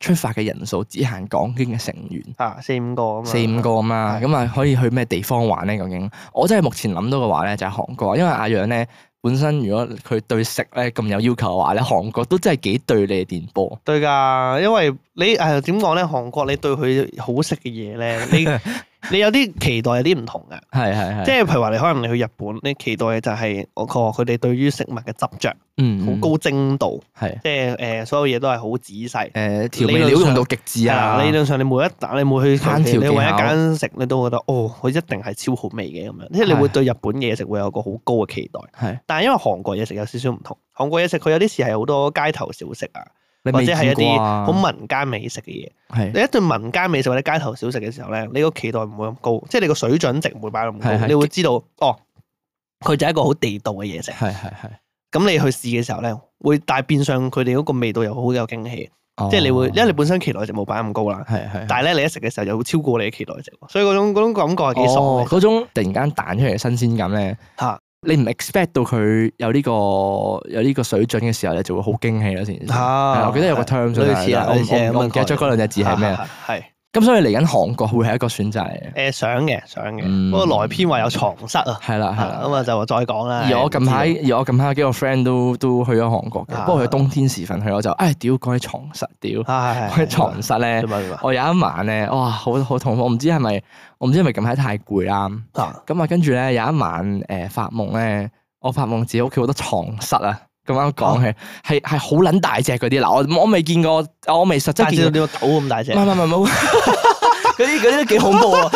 出發嘅人數只限講經嘅成員，啊，四五個啊嘛，四五個啊嘛，咁啊、嗯、可以去咩地方玩咧？究竟我真係目前諗到嘅話咧，就係韓國，因為阿楊咧本身如果佢對食咧咁有要求嘅話咧，韓國都真係幾對你嘅電波。對㗎，因為你誒點講咧？韓國你對佢好食嘅嘢咧，你。 你有啲期待有啲唔同嘅，係係係，即係譬如話你可能你去日本，你期待嘅就係我確，佢哋對於食物嘅執著，嗯，好高精度，係是是，即係誒所有嘢都係好仔細，誒、呃、調味料用到極致啊！理論，理論上你每一啖，你每去你每一間食，你都覺得哦，佢一定係超好味嘅咁樣，即係是是 你會對日本嘢食會有個好高嘅期待，係。是是 但係因為韓國嘢食有少少唔同，韓國嘢食佢有啲時係好多街頭小食啊。啊、或者係一啲好民間美食嘅嘢，是你一對民間美食或者街頭小食嘅時候咧，你個期待唔會咁高，即係你個水準值唔會擺咁高，是是你會知道激哦，佢就係一個好地道嘅嘢食。係係係，咁你去試嘅時候咧，會大係變相佢哋嗰個味道又好有驚喜，哦、即係你會，因為你本身期待值冇擺咁高啦。係係，但係咧你一食嘅時候又超過你嘅期待值，所以嗰種種感覺係幾爽嘅，嗰、哦、種突然間彈出嚟嘅新鮮感咧。吓、啊。你唔 expect 到佢有呢個有呢個水準嘅時候，你就會好驚喜啦先。啊，我記得有個 term，類我唔記得咗嗰兩隻字係咩係。咁所以嚟緊韓國會係一個選擇嘅。誒，想嘅，想嘅。不過來篇話有床室啊。係啦，係啦。咁啊，就話再講啦。而我近排，而我近排有幾個 friend 都都去咗韓國嘅。不過佢冬天時份去，我就誒，屌講起床室，屌講起床室咧。我有一晚咧，哇，好好痛苦，我唔知係咪。我唔知係咪近排太攰啦、啊，咁啊跟住咧有一晚，誒，發夢咧，我發夢自己屋企好多床蝨啊，咁樣講起，係係好撚大隻嗰啲，嗱我我未見過，我未實際見到，似個狗咁大隻，唔係唔係唔係，嗰啲嗰啲都幾恐怖啊，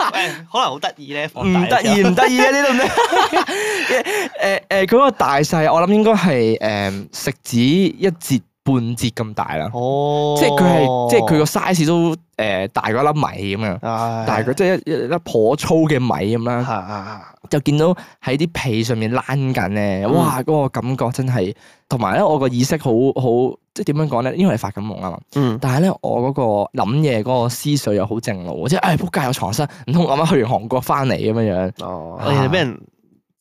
可能好得意咧，唔得意唔得意咧，呢度咩？誒誒，佢嗰個大細，我諗應該係誒食指一截。半截咁大啦，oh. 即係佢係，oh. 即係佢個 size 都誒大過一粒米咁樣，大過即係一一粒頗粗嘅米咁啦。Oh. 就見到喺啲被上面攣緊咧，哇！嗰、那個感覺真係，同埋咧我個意識好好，即係點樣講咧？因為係發緊夢啊嘛。Oh. 但係咧我嗰個諗嘢嗰個思緒又好正路，即係唉撲街有床蝨，唔通我啱啱去完韓國翻嚟咁樣樣。哦、oh. 啊，咩？Oh.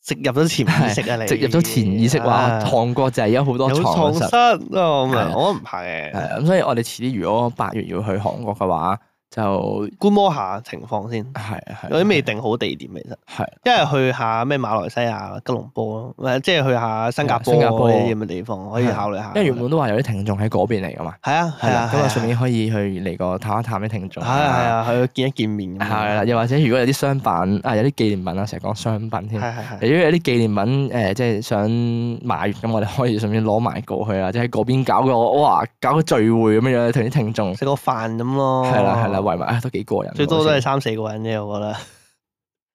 植入咗潛意、啊、意識啊！你植入咗潛意識嘅話，韓國就係有好多創新啊！我唔係，咁、嗯、所以我哋遲啲如果八月要去韓國嘅話，就觀摩下情況先，係啊係，有啲未定好地點其實，係，一係去下咩馬來西亞吉隆坡咯，唔係即係去下新加坡呢啲咁嘅地方可以考慮下。因為原本都話有啲聽眾喺嗰邊嚟噶嘛，係啊係啊，咁啊順便可以去嚟個探一探啲聽眾，係啊係啊，去見一見面，係啦。又或者如果有啲商品啊，有啲紀念品啊，成日講商品添，係係係。如果有啲紀念品誒，即係想買咁，我哋可以順便攞埋過去啊，即係喺嗰邊搞個哇，搞個聚會咁樣，同啲聽眾食個飯咁咯，係啦係啦。圍埋啊，都幾過癮。最多都係三四個人啫，我覺得。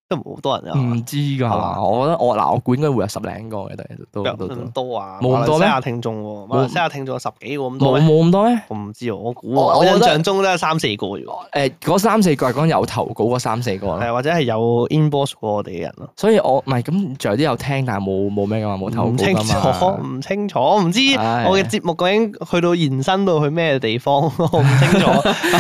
都唔好多人啊！唔知噶係嘛？我覺得我嗱，我估應該會有十零個嘅，都都都咁多啊？冇咁多咩？馬來西亞聽眾，馬來西亞聽眾十幾個咁，冇冇咁多咩？我唔知啊，我估我印象中都係三四個啫。誒，嗰三四個係講有投稿嗰三四個啦，係或者係有 inbox 過我哋嘅人咯。所以我唔係咁，有啲有聽，但係冇冇咩噶嘛，冇投稿噶嘛。唔清楚，唔清楚，我唔知我嘅節目究竟去到延伸到去咩地方？我唔清楚。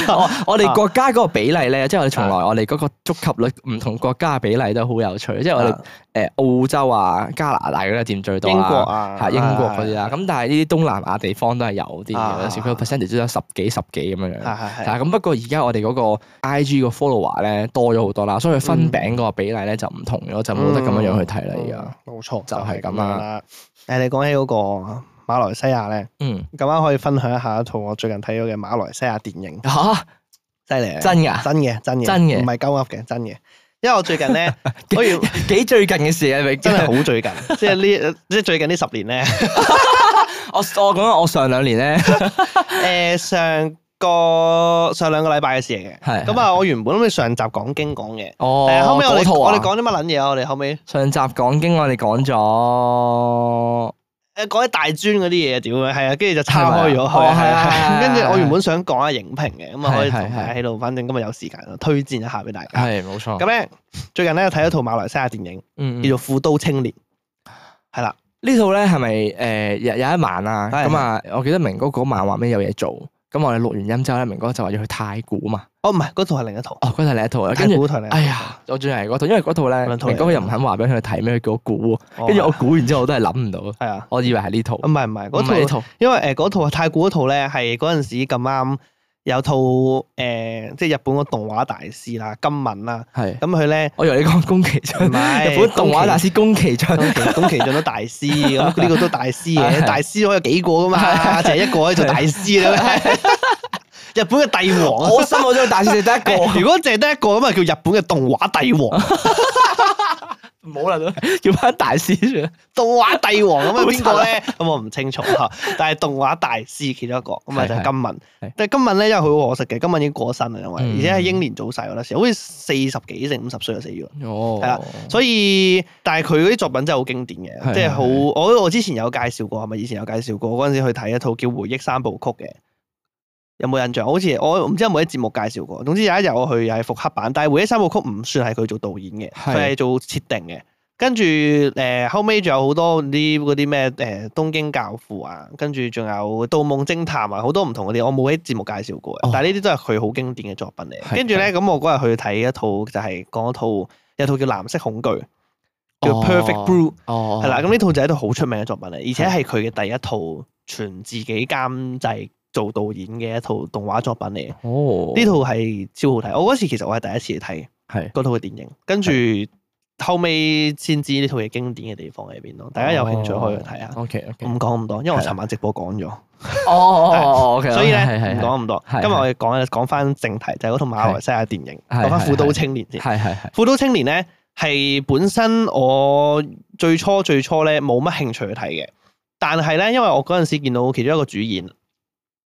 我我哋國家嗰個比例咧，即係我哋從來我哋嗰個觸及率唔同國家。比例都好有趣，即係我哋誒澳洲啊、加拿大嗰啲佔最多英國啦，係英國嗰啲啦。咁但係呢啲東南亞地方都係有啲嘅，少少 percentage 都有十幾、十幾咁樣樣。係係係。但係咁，不過而家我哋嗰個 IG 個 follower 咧，多咗好多啦，所以佢分餅個比例咧，就唔同咗，就冇得咁樣樣去睇啦。而家冇錯，就係咁啦。誒，你講起嗰個馬來西亞咧，嗯，今晚可以分享一下一套我最近睇咗嘅馬來西亞電影。吓，犀利！真嘅，真嘅，真嘅，真嘅，唔係鳩噏嘅，真嘅。因為我最近咧，可 原幾最近嘅事嘅、啊， 你真係好最近， 即係呢，即係最近呢十年咧。我我講我上兩年咧，誒、 呃，上個上兩個禮拜嘅事嚟嘅，係是。咁啊，我原本諗住上集講經講嘅，哦，後尾我哋我哋講啲乜捻嘢啊？我哋後尾上集講經，我哋講咗。講啲大專嗰啲嘢，屌嘅係啊，跟住就岔開咗去。跟住吧我原本想講下影評嘅，咁啊吧吧可以同你喺度。反正今日有時間推薦一下俾大家。係冇錯。咁咧最近咧又睇咗套馬來西亞電影，叫做《富都青年》。係、嗯嗯、啦，套呢套咧係咪誒有有一晚啊。咁啊的，我記得明哥嗰晚話咩有嘢做。咁我哋錄完音之後咧，明哥就話要去太古嘛。哦，唔係，嗰套係另一套。哦，嗰套係另一套啊。太古台你。後哎呀，我仲係嗰套，因為嗰套咧，套明哥又唔肯話俾佢睇咩，叫古、哦、我估。跟住我估完之後， 我都係諗唔到。係啊，我以為係呢套。唔係唔係，嗰套，套因為誒嗰、呃、套太古嗰套咧，係嗰陣時咁啱。有套誒、呃，即係日本個動畫大師啦，金文啦，係咁佢咧。呢我以為你講宮崎駿，是日本動畫大師宮崎駿，宮崎駿都大師咁，呢 個都大師嘅、啊、大師可以有幾個噶嘛？就係 一個可以做大師啦。 是日本嘅帝王、啊，我心目中嘅大師，就得一個。 如果淨係得一個咁啊，叫日本嘅動畫帝王。 冇啦都，叫翻 大師算啦， 動畫帝王咁係邊個咧？咁我唔清楚吓。 但係動畫大師其中一個咁啊， 就係金文。 但係金文咧，因為好可惜嘅，金文已經過身啦，因為而且係英年早逝嗰陣時，好似四十幾定五十歲就死咗。係啦、哦。所以，但係佢嗰啲作品真係好經典嘅，即係好。我我之前有介紹過，係咪以前有介紹過？嗰陣時去睇一套叫《回憶三部曲》嘅。有冇印象？好似我唔知有冇喺節目介紹過。總之有一日我去又係復刻版，但係回憶三部曲唔算係佢做導演嘅，佢係的做設定嘅。跟住誒後尾仲有好多啲啲咩誒東京教父啊，跟住仲有盜夢偵探啊，好多唔同嗰啲，我冇喺節目介紹過。哦、但係呢啲都係佢好經典嘅作品嚟。跟住咧咁，呢我嗰日去睇一套就係、是、講一套，有套叫藍色恐懼，叫 Perfect Blue。哦，係啦、哦，咁呢套就係一套好出名嘅作品嚟，而且係佢嘅第一套全自己監製。做導演嘅一套動畫作品嚟嘅，呢套係超好睇。我嗰時其實我係第一次睇，係嗰套嘅電影，跟住後尾先知呢套嘢經典嘅地方喺邊咯。大家有興趣可以去睇下。OK，唔講咁多，因為我尋晚直播講咗。哦，所以咧唔講咁多。今日我哋講講翻正題，就係嗰套馬來西亞電影，講翻《富都青年》先。係係係。《富都青年》咧係本身我最初最初咧冇乜興趣去睇嘅，但係咧因為我嗰陣時見到其中一個主演。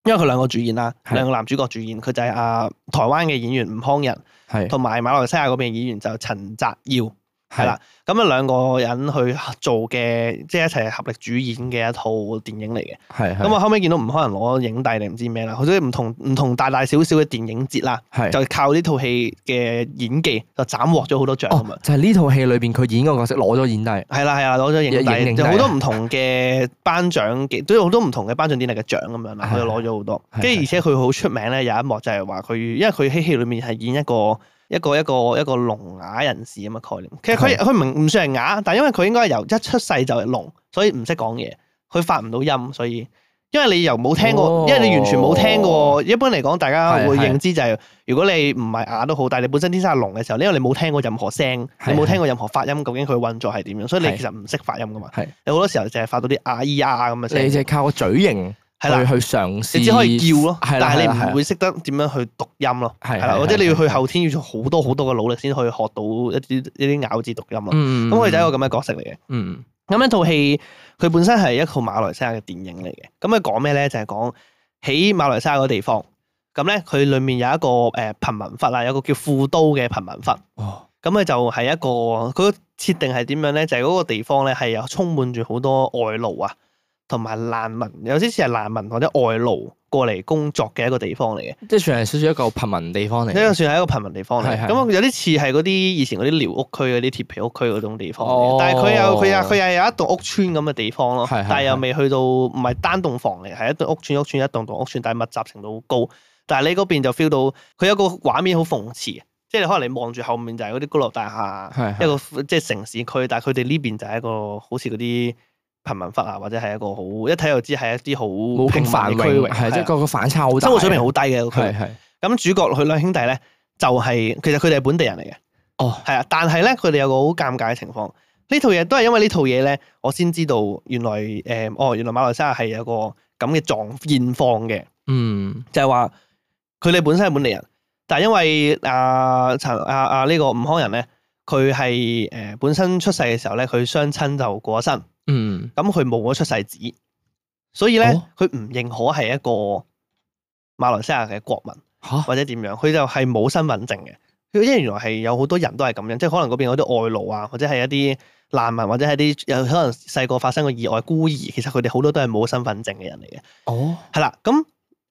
因為佢兩個主演啦，兩個男主角主演，佢是的 就係、是啊、台灣嘅演員吳康仁，係同埋馬來西亞嗰邊嘅演員就陳澤耀。係啦，咁啊兩個人去做嘅，即係一齊合力主演嘅一套電影嚟嘅。係咁我後尾見到唔可能攞影帝定唔知咩啦，好多唔同唔同大大小小嘅電影節啦，就靠呢套戲嘅演技就斬獲咗好多獎啊！就係呢套戲裏邊佢演個角色攞咗影帝。係啦係啊，攞咗影帝，就好多唔同嘅頒獎，都有好多唔同嘅頒獎典禮嘅獎咁樣啦，佢就攞咗好多。跟住而且佢好出名咧，有一幕就係話佢，因為佢喺戲裏面係演一個。一個一個一個聾啞人士咁嘅概念，其實佢佢唔唔算係啞，但係因為佢應該由一出世就聾，所以唔識講嘢，佢發唔到音，所以因為你又冇聽過，因為你完全冇聽過，一般嚟講大家會認知就係如果你唔係啞都好，但係你本身天生係聾嘅時候，因為你冇聽過任何聲，你冇聽過任何發音，究竟佢運作係點樣，所以你其實唔識發音噶嘛。係，有好多時候就係發到啲啊 E 啊咁嘅聲，你就係靠個嘴型。係啦，去嘗試，你只可以叫咯，的但係你唔會識得點樣去讀音咯，係啦的，的或者你要去後天的要做好多好多嘅努力先可以學到一啲一啲咬字讀音咯。咁佢、嗯、就係一個咁嘅角色嚟嘅。咁、嗯、一套戲佢本身係一套馬來西亞嘅電影嚟嘅。咁佢講咩咧？就係講喺馬來西亞嗰個地方，咁咧佢裏面有一個誒貧民窟啦，有個叫富都嘅貧民窟。哦，咁佢就係一個佢設定係點樣咧？就係、是、嗰個地方咧係又充滿住好多外勞啊！同埋難民，有啲似係難民或者外勞過嚟工作嘅一個地方嚟嘅，即係算係少少一個貧民地方嚟。呢個算係一個貧民地方嚟。咁是是、嗯、有啲似係嗰啲以前嗰啲寮屋區、嗰啲鐵皮屋區嗰種地方，但係佢又佢又佢又有一棟屋村咁嘅地方咯。是是是但係又未去到，唔係單棟房嚟，係一棟屋村，屋村一棟棟屋村，但係密集程度好高。但係你嗰邊就 feel 到，佢有個畫面好諷刺，即係你可能你望住後面就係嗰啲高樓大廈，是是的一個即係城市區，但係佢哋呢邊就係一個好似嗰啲。貧民窟啊，或者係一個好一睇就知係一啲好貧民嘅區域，即係個個反差好大，生活水平好低嘅。係係咁，主角佢兩兄弟咧，就係、是、其實佢哋係本地人嚟嘅。哦，係啊，但係咧，佢哋有個好尷尬嘅情況。呢套嘢都係因為呢套嘢咧，我先知道原來誒，哦、呃，原來馬來西亞係有個咁嘅狀況現況嘅。嗯、mm.，就係話佢哋本身係本地人，但係因為阿陳阿阿呢個吳、呃呃呃這個、康人咧，佢係誒本身出世嘅時候咧，佢雙親就過咗身。呃嗯，咁佢冇咗出世紙，所以咧佢唔認可係一個馬來西亞嘅國民，或者點樣，佢就係冇身份證嘅。佢即係原來係有好多人都係咁樣，即係可能嗰邊有啲外勞啊，或者係一啲難民，或者係啲有可能細個發生過意外孤兒，其實佢哋好多都係冇身份證嘅人嚟嘅。哦，係啦，咁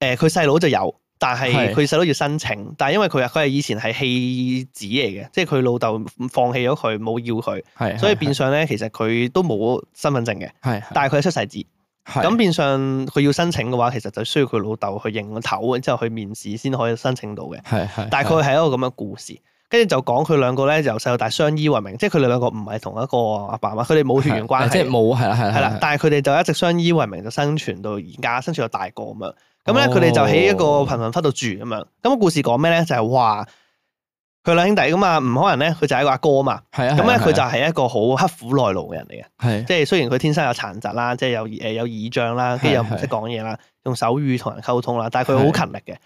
誒，佢細佬就有。但係佢細佬要申請，但係因為佢佢係以前係棄子嚟嘅，即係佢老豆放棄咗佢，冇要佢，所以變相咧其實佢都冇身份證嘅。係，但係佢係出世紙，咁變相佢要申請嘅話，其實就需要佢老豆去認個頭，之後去面試先可以申請到嘅。係係，但係佢係一個咁嘅故事，跟住就講佢兩個咧由細到大相依為命，即係佢哋兩個唔係同一個阿爸媽，佢哋冇血緣關係，即係冇係啦係啦，但係佢哋就一直相依為命，就生存到而家，生存到大個咁樣。咁咧，佢哋就喺一個貧民窟度住咁樣。咁個故事講咩咧？就係話佢兩兄弟咁啊，唔可能咧，佢就係一個阿哥啊嘛。係啊，咁咧佢就係一個好刻苦耐勞嘅人嚟嘅。係，即係雖然佢天生有殘疾啦，即係有誒有耳障啦，跟住又唔識講嘢啦，用手語同人溝通啦，但係佢好勤力嘅。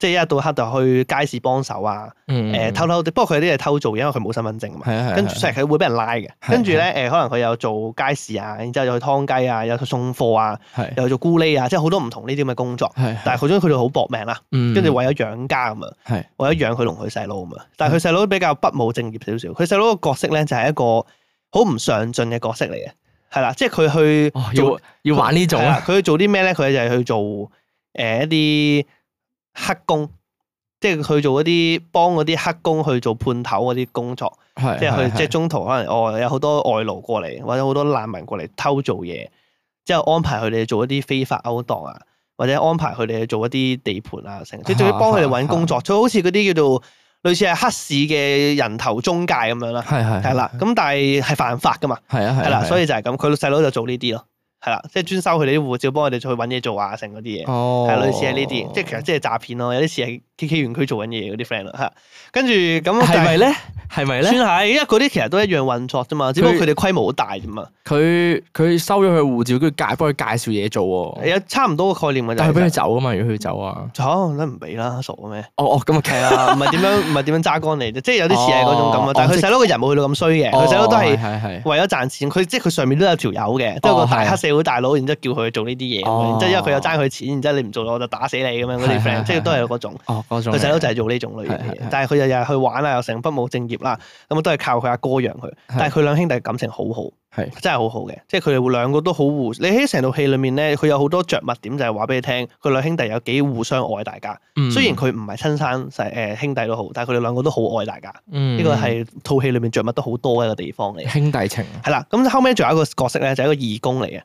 即係一日到黑就去街市幫手啊，誒偷偷，不過佢啲係偷做，因為佢冇身份證啊嘛。跟住成日佢會俾人拉嘅。跟住咧，誒可能佢又做街市啊，然之後又去劏雞啊，又去送貨啊，又去做咕喱啊，即係好多唔同呢啲咁嘅工作。但係佢中意佢哋好搏命啦。跟住為咗養家咁樣，係為咗養佢同佢細佬咁樣。但係佢細佬比較不務正業少少，佢細佬個角色咧就係一個好唔上進嘅角色嚟嘅，係啦。即係佢去做要玩呢種，佢去做啲咩咧？佢就係去做誒一啲。黑工，即係佢做嗰啲幫嗰啲黑工去做判頭嗰啲工作，即係佢即係中途可能哦有好多外勞過嚟，或者好多難民過嚟偷做嘢，之後安排佢哋做一啲非法勾當啊，或者安排佢哋做一啲地盤啊成，佢仲要幫佢哋搵工作，就好似嗰啲叫做類似係黑市嘅人頭中介咁樣啦，係係係啦，咁但係係犯法㗎嘛，係啦，所以就係咁，佢細佬就做呢啲咯。係啦，即係專收佢哋啲護照，幫我哋再去揾嘢做啊，成嗰啲嘢，係類似係呢啲，即 係、嗯、其實即係詐騙咯。有啲似係 KK 園區做緊嘢嗰啲 friend 啦吓，跟住咁係咪咧？的係咪咧？算係，因為嗰啲其實都一樣運作啫嘛，只不過佢哋規模好大啫嘛。佢佢收咗佢護照，跟住介幫佢介紹嘢做，有差唔多個概念就係俾佢走啊嘛，如果佢走啊，好都唔俾啦，傻嘅咩？哦哦，咁啊，K 啦，唔係點樣，唔係點樣揸乾你。即係有啲似係嗰種咁啊。但係佢細佬個人冇去到咁衰嘅，佢細佬都係係為咗賺錢。佢即係佢上面都有條友嘅，即係個大黑社會大佬，然之後叫佢做呢啲嘢。即係因為佢又爭佢錢，然之後你唔做咧，我就打死你咁樣嗰啲 friend，即係都係嗰種。佢細佬就係做呢種類型嘅，但係佢日日去玩啊，又成冇正嗱，咁啊都係靠佢阿哥養佢，但係佢兩兄弟感情好好，係是是 真係好好嘅，即係佢哋兩個都好互。你喺成套戲裏面咧，佢有好多着墨點，就係話俾你聽，佢兩兄弟有幾互相愛大家。嗯、雖然佢唔係親生細誒兄弟都好，但係佢哋兩個都好愛大家。呢、嗯、個係套戲裏面着墨都好多嘅一個地方嚟。兄弟情係啦，咁後尾仲有一個角色咧，就係、是、一個義工嚟嘅。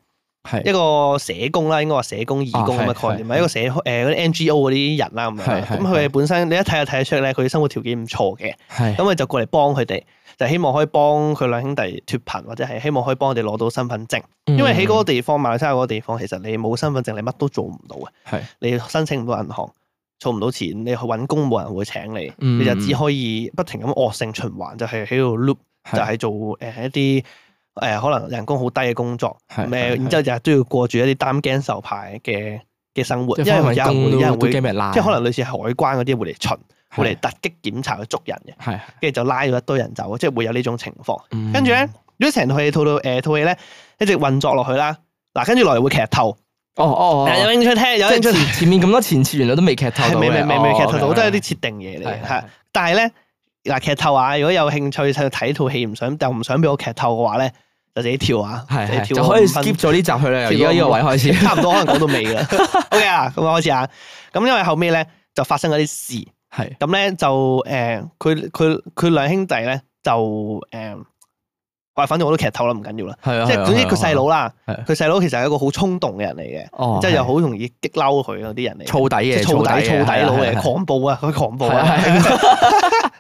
一個社工啦，應該話社工義工咁嘅概念，咪、啊、一個社誒啲、呃、NGO 嗰啲人啦咁樣。咁佢哋本身你一睇就睇得出咧，佢啲生活條件唔錯嘅。咁佢是就過嚟幫佢哋，就係、希望可以幫佢兩兄弟脫貧，或者係希望可以幫佢哋攞到身份證。因為喺嗰個地方馬來西亞嗰個地方，其實你冇身份證，你乜都做唔到嘅。是你申請唔到銀行，儲唔到錢，你去揾工冇人會請你，是你就只可以不停咁惡性循環，就係喺度 loop，就係做誒一啲。誒，可能人工好低嘅工作，咩？然之後日日都要過住一啲擔驚受怕嘅嘅生活，因為有人會有人會，即係可能類似海關嗰啲會嚟巡，會嚟突擊檢查去捉人嘅，係。跟住就拉咗一堆人走，即係會有呢種情況。跟住咧，如果成套戲套到誒套戲咧，一直運作落去啦。嗱，跟住落嚟會劇透。哦哦哦。嗱，有興趣聽？有。即係前前面咁多前設原來都未劇透，未未未未劇透到，都係一啲設定嘢嚟吓。但係咧。嗱，劇透啊！如果有興趣睇套戲，唔想又唔想俾我劇透嘅話咧，就自己跳啊，就可以 skip 咗呢集去啦。由而家呢個位開始差唔多，可能講到尾啦。OK 啊，咁開始啊。咁因為後尾咧就發生咗啲事，係咁咧就誒，佢佢佢兩兄弟咧就誒，喂反正我都劇透啦，唔緊要啦。係啊，即係總之佢細佬啦，佢細佬其實係一個好衝動嘅人嚟嘅，即係又好容易激嬲佢嗰啲人嚟。燥底嘅，燥底燥底佬嚟，狂暴啊，佢狂暴啊。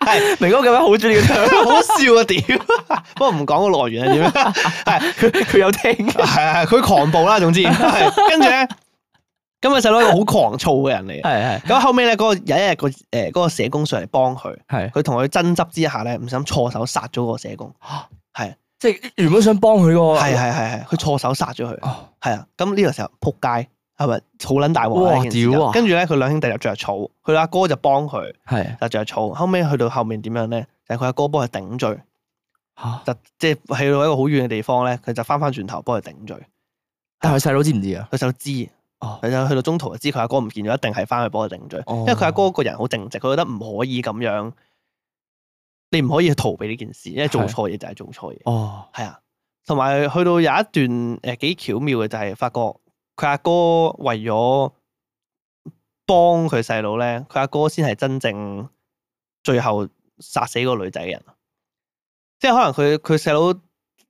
係，明哥咁樣好中意佢，好笑啊！屌， 不過唔講個來源係點樣，係佢佢有聽，係係佢狂暴啦，總之，係跟住咧，咁個細佬好狂躁嘅人嚟，係係是，咁後尾咧嗰個有一日，那個誒嗰個社工上嚟幫佢，係，佢同佢爭執之下咧，唔想錯手殺咗個社工，係，即係 原本想幫佢個，係係係係，佢錯手殺咗佢，係啊，咁呢個時候撲街。係咪草撚大王，啊？跟住咧，佢兩兄弟就着草，佢阿哥就幫佢，係就着草。吵。後尾去到後面點樣咧？就係佢阿哥幫佢頂罪，吓就即係去到一個好遠嘅地方咧，佢就翻翻轉頭幫佢頂罪。但係細佬知唔知啊？佢細佬知，佢就去到中途就知佢阿哥唔見咗，一定係翻去幫佢頂罪，因為佢阿哥個人好正直，佢覺得唔可以咁樣，你唔可以逃避呢件事，因為做錯嘢就係做錯嘢。哦，係啊，同埋去到有一段誒幾巧妙嘅就係發覺。.佢阿哥為咗幫佢細佬咧，佢阿哥先係真正最後殺死個女仔嘅人。即係可能佢佢細佬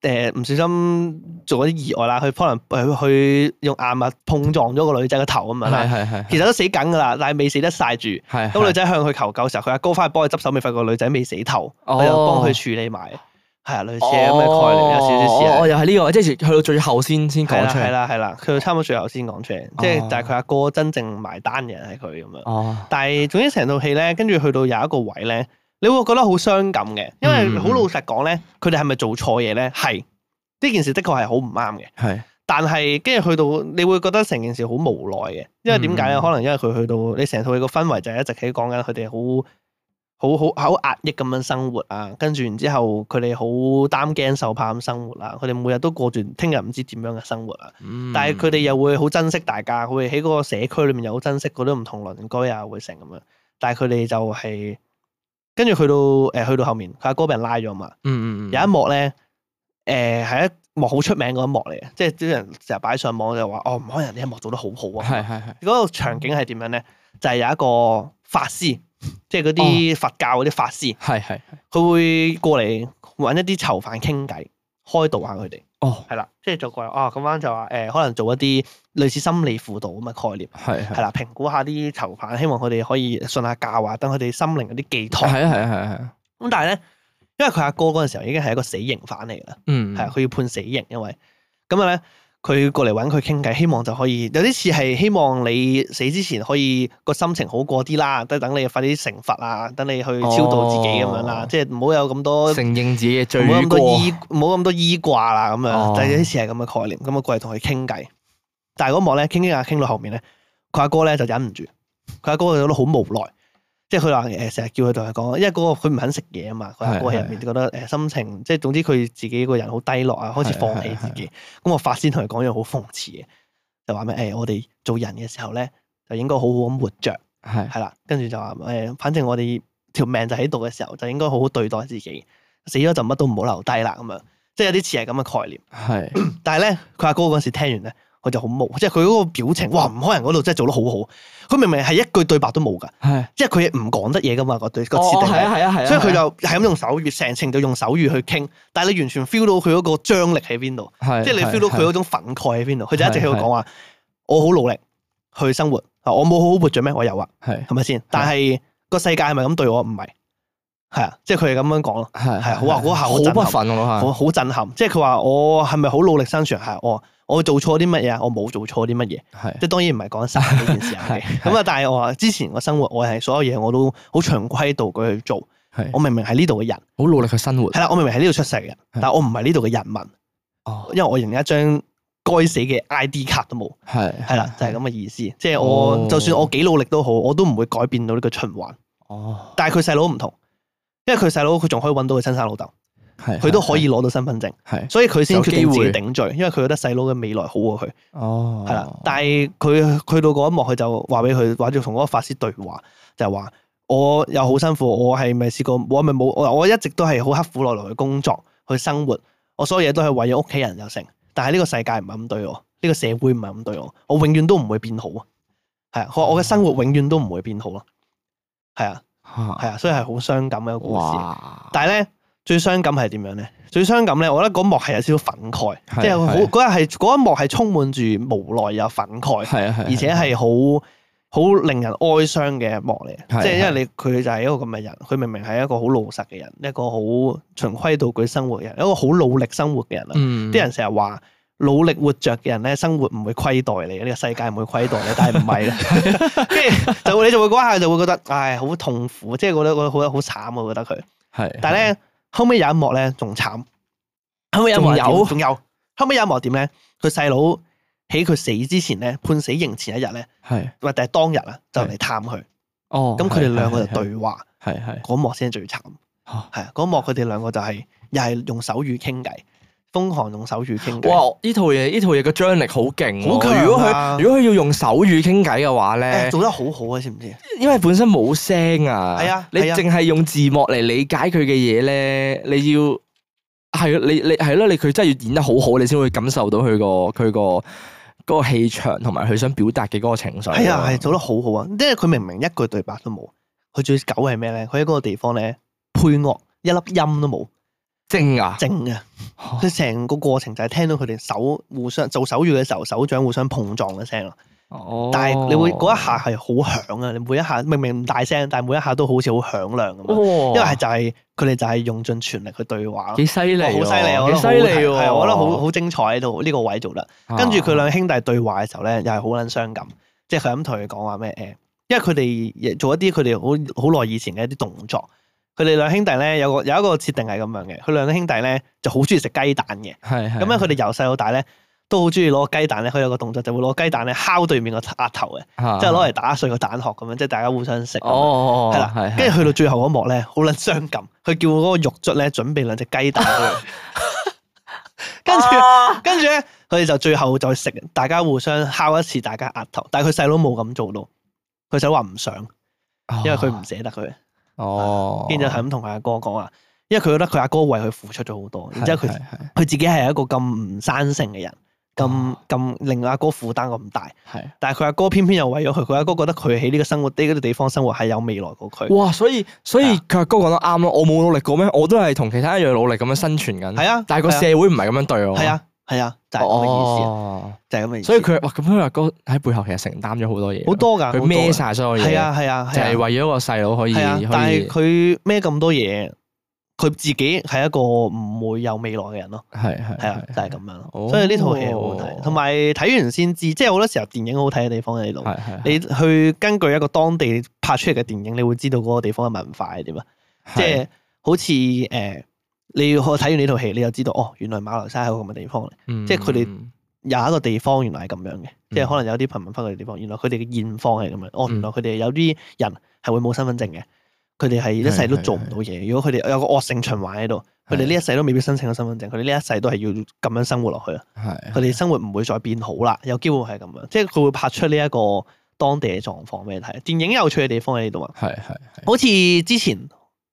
誒唔小心做咗啲意外啦，佢可能去，呃、用硬物碰撞咗個女仔個頭啊嘛。係係係，其實都死緊噶啦，但係未死得晒住。係咁女仔向佢求救嘅時候，佢阿哥翻去幫佢執手尾，發覺個女仔未死頭，佢又幫佢處理埋。哦。係啊，類似咁嘅概念，哦、有少少事啊。哦，又係呢、這個，即係去到最後先先講出嚟，係啦係啦，去到差唔多最後先講出嚟。即係、哦，就係佢阿哥真正埋單嘅人係佢咁樣。哦，但係，總之成套戲咧，跟住去到有一個位咧，你會覺得好傷感嘅，因為好老實講咧，佢哋係咪做錯嘢咧？係，呢件事的確係好唔啱嘅。係、嗯，但係跟住去到，你會覺得成件事好無奈嘅，因為點解咧？可能、嗯、因為佢去到，你成套戲嘅氛圍就係一直喺講緊佢哋好。好好好壓抑咁樣生活啊，跟住然之後佢哋好擔驚受怕咁生活啊。佢哋每日都過住聽日唔知點樣嘅生活啊。嗯、但係佢哋又會好珍惜大家，會喺嗰個社區裏面又好珍惜嗰啲唔同鄰居啊，會成咁樣。但係佢哋就係跟住去到誒、呃、去到後面，佢阿哥俾人拉咗嘛。嗯嗯，有一幕咧，誒、呃、係一幕好出名嗰一幕嚟嘅，即係啲人成日擺上網就話哦，唔可能呢一幕做得好好啊。係係係。嗰個場景係點樣咧？就係、是、有一個法師。即係嗰啲佛教嗰啲法師，係係佢會過嚟揾一啲囚犯傾偈，開導下佢哋。哦。哦，係啦，即係就過嚟。哦，咁啱就話誒，可能做一啲類似心理輔導咁嘅概念。係係啦，評估下啲囚犯，希望佢哋可以信下教啊，等佢哋心靈嗰啲寄託。係啊係啊係啊係啊。咁但係咧，因為佢阿哥嗰陣時候已經係一個死刑犯嚟噶啦。嗯，係啊，佢要判死刑，因為咁啊咧。佢過嚟揾佢傾偈，希望就可以有啲事係希望你死之前可以個心情好過啲啦，都等你快啲成佛啊，等你去超度自己咁樣啦，哦、即係唔好有咁多承認自己嘅罪過，冇咁多衣冇咁多依掛啦咁樣，哦、就有啲事係咁嘅概念，咁啊過嚟同佢傾偈，但係嗰幕咧傾傾下傾到後面咧，佢阿哥咧就忍唔住，佢阿哥覺得好無奈。即係佢話誒，成、呃、日叫佢同佢講，因為嗰個佢唔肯食嘢啊嘛，佢喺哥入面就覺得誒、呃、心情，即係總之佢自己個人好低落啊，開始放棄自己。咁我法先同佢講樣好諷刺嘅，就話咩誒，我哋做人嘅時候咧，就應該好好咁活着，係係啦。跟住就話誒、呃，反正我哋條命就喺度嘅時候，就應該好好對待自己。死咗就乜都唔好留低啦，咁樣即係有啲似係咁嘅概念。係是是， 但係咧，佢阿哥嗰時聽完咧。佢就好冇，即係佢嗰個表情，哇！唔可能嗰度，真係做得好好。佢明明係一句對白都冇噶，即係佢唔講得嘢噶嘛。個對設定，係啊係啊係啊。所以佢就係咁用手語，成程就用手語去傾。但係你完全 feel 到佢嗰個張力喺邊度，即係你 feel 到佢嗰種憤慨喺邊度。佢就一直喺度講話，我好努力去生活。我冇好好活着咩？我有啊，係，係咪先？但係個世界係咪咁對我？唔係，係啊，即係佢係咁樣講咯，係好哇！嗰下好不忿咯，吓，我好震撼。即係佢話我係咪好努力生存？係我。我做錯啲乜嘢？我冇做錯啲乜嘢？係即係當然唔係講生呢件事嘅。咁啊，但係我話之前嘅生活，我係所有嘢我都好常規度佢去做。我明明係呢度嘅人，好努力去生活。係啦，我明明喺呢度出世嘅，但係我唔係呢度嘅人民。哦，因為我連一張該死嘅 ID 卡都冇。係係啦，就係咁嘅意思。即係我就算我幾努力都好，我都唔會改變到呢個循環。哦，但係佢細佬唔同，因為佢細佬佢仲可以搵到佢親生老豆。佢都可以攞到身份證，係的，所以佢先決定自己頂罪，的因為佢覺得細佬嘅未來好過、啊、佢。哦，係啦，但係佢去到嗰一幕，佢就話俾佢話要同嗰個法師對話，就話我又好辛苦，我係咪試過我咪冇我我一直都係好刻苦耐勞去工作去生活，我所有嘢都係為咗屋企人就成，但係呢個世界唔係咁對我，呢、這個社會唔係咁對我，我永遠都唔會變好啊，係啊，我我嘅生活永遠都唔會變好咯，係啊，係啊、嗯，所以係好傷感嘅一個故事，哇 但係咧。最傷感係點樣咧？最傷感咧，我覺得嗰幕係有少少憤慨，即係好嗰日係嗰一幕係充滿住無奈又憤慨，係啊係，而且係好好令人哀傷嘅一幕嚟。即係因為你佢就係一個咁嘅人，佢明明係一個好老實嘅人，一個好循規蹈矩生活嘅人，一個好努力生活嘅人啊，啲、嗯、人成日話努力活着嘅人咧，生活唔會虧待你，呢、這個世界唔會虧待你，但係唔係啦，跟住就會你就會嗰下、Years、就會覺得，唉、哎，好痛苦，即係覺得覺得好得好慘啊，覺得佢係，但係咧。後尾有一幕咧，仲慘有。後尾一幕有仲有，後尾有一幕點咧？佢細佬喺佢死之前咧，判死刑前一日咧，係是，唔係？定係當日啊，就嚟探佢。哦，咁佢哋兩個就對話，係係，嗰幕先係最慘。係啊，嗰是幕佢哋兩個就係、是，又係用手語傾偈。瘋狂用手語傾偈、啊。哇！呢套嘢呢套嘢個張力好勁如果佢如果佢要用手語傾偈嘅話咧、哎，做得好好啊，知唔知？因為本身冇聲啊,啊,啊,啊，你淨係用字幕嚟理解佢嘅嘢咧，你要係你你係咯，你佢、啊、真係要演得好好，你先會感受到佢個佢個嗰個氣場同埋佢想表達嘅嗰個情緒。係啊，係、啊、做得好好啊！因為佢明明一句對白都冇，佢最狗係咩咧？佢喺嗰個地方咧，配樂一粒音都冇，正啊，正啊！佢成個過程就係聽到佢哋手互相做手語嘅時候，手掌互相碰撞嘅聲咯。哦，但係你會嗰一下係好響啊！你每一下明明唔大聲，但係每一下都好似好響亮咁。哦，因為就係佢哋就係用盡全力去對話，幾犀利，哦啊，好犀利，幾犀利喎！係，我覺得好好精彩喺度呢個位做得。哦，跟住佢兩兄弟對話嘅時候咧，又係好撚傷感，即係佢咁同佢講話咩？誒，因為佢哋做一啲佢哋好好耐以前嘅一啲動作。佢哋兩兄弟咧，有個有一個設定係咁樣嘅。佢兩兄弟咧就好中意食雞蛋嘅。係係。咁咧，佢哋由細到大咧都好中意攞雞蛋咧。佢有個動作就會攞雞蛋咧敲對面個額頭嘅、啊，即係攞嚟打碎個蛋殼咁樣，即係大家互相食。哦哦哦，哦。係啦，係。跟住去到最後一幕咧，好捻傷感。佢叫嗰個獄卒咧準備兩隻雞蛋 跟住，跟住咧，佢哋就最後再食，大家互相敲一次大家額頭。但係佢細佬冇咁做到，佢細佬話唔想，因為佢唔捨得佢。哦，oh. 然後他跟住係咁同佢阿哥講啊，因為佢覺得佢阿哥為佢付出咗好多，係然之後佢佢係自己係一個咁唔生性嘅人，咁咁、哦、令阿哥負擔咁大，係，但係佢阿哥偏偏又為咗佢，佢阿哥覺得佢喺呢個生活呢啲地方生活係有未來過佢，哇！所以所以佢阿哥講得啱咯，我冇努力過咩？我都係同其他一樣努力咁樣生存緊，係啊，但係個社會唔係咁樣對我，係啊。係啊，就係我嘅意思，就係咁嘅意思。所以佢，哇，咁阿哥喺背後其實承擔咗好多嘢，好多噶，佢孭晒所有嘢。係啊，係啊，就係為咗個細佬可以。但係佢孭咁多嘢，佢自己係一個唔會有未來嘅人咯。係係啊，就係咁樣。所以呢套戲好好睇，同埋睇完先知，即係好多時候電影好睇嘅地方喺度。你去根據一個當地拍出嚟嘅電影，你會知道嗰個地方嘅文化係點啊。即係好似誒。你要我睇完呢套戲，你就知道哦，原來馬來西亞係個咁嘅地方、嗯、即係佢哋有一個地方原來係咁樣嘅，嗯、即係可能有啲貧民窟嘅地方。原來佢哋嘅現況係咁樣。哦，原來佢哋有啲人係會冇身份證嘅，佢哋係一世都做唔到嘢。嗯嗯、如果佢哋有個惡性循環喺度，佢哋呢一世都未必申請到身份證。佢哋呢一世都係要咁樣生活落去啦。佢哋、嗯、生活唔會再變好啦。嗯、有機會係咁樣，即係佢會拍出呢一個當地嘅狀況俾你睇。電影有趣嘅地方喺呢度啊，係係、嗯，好似之前誒、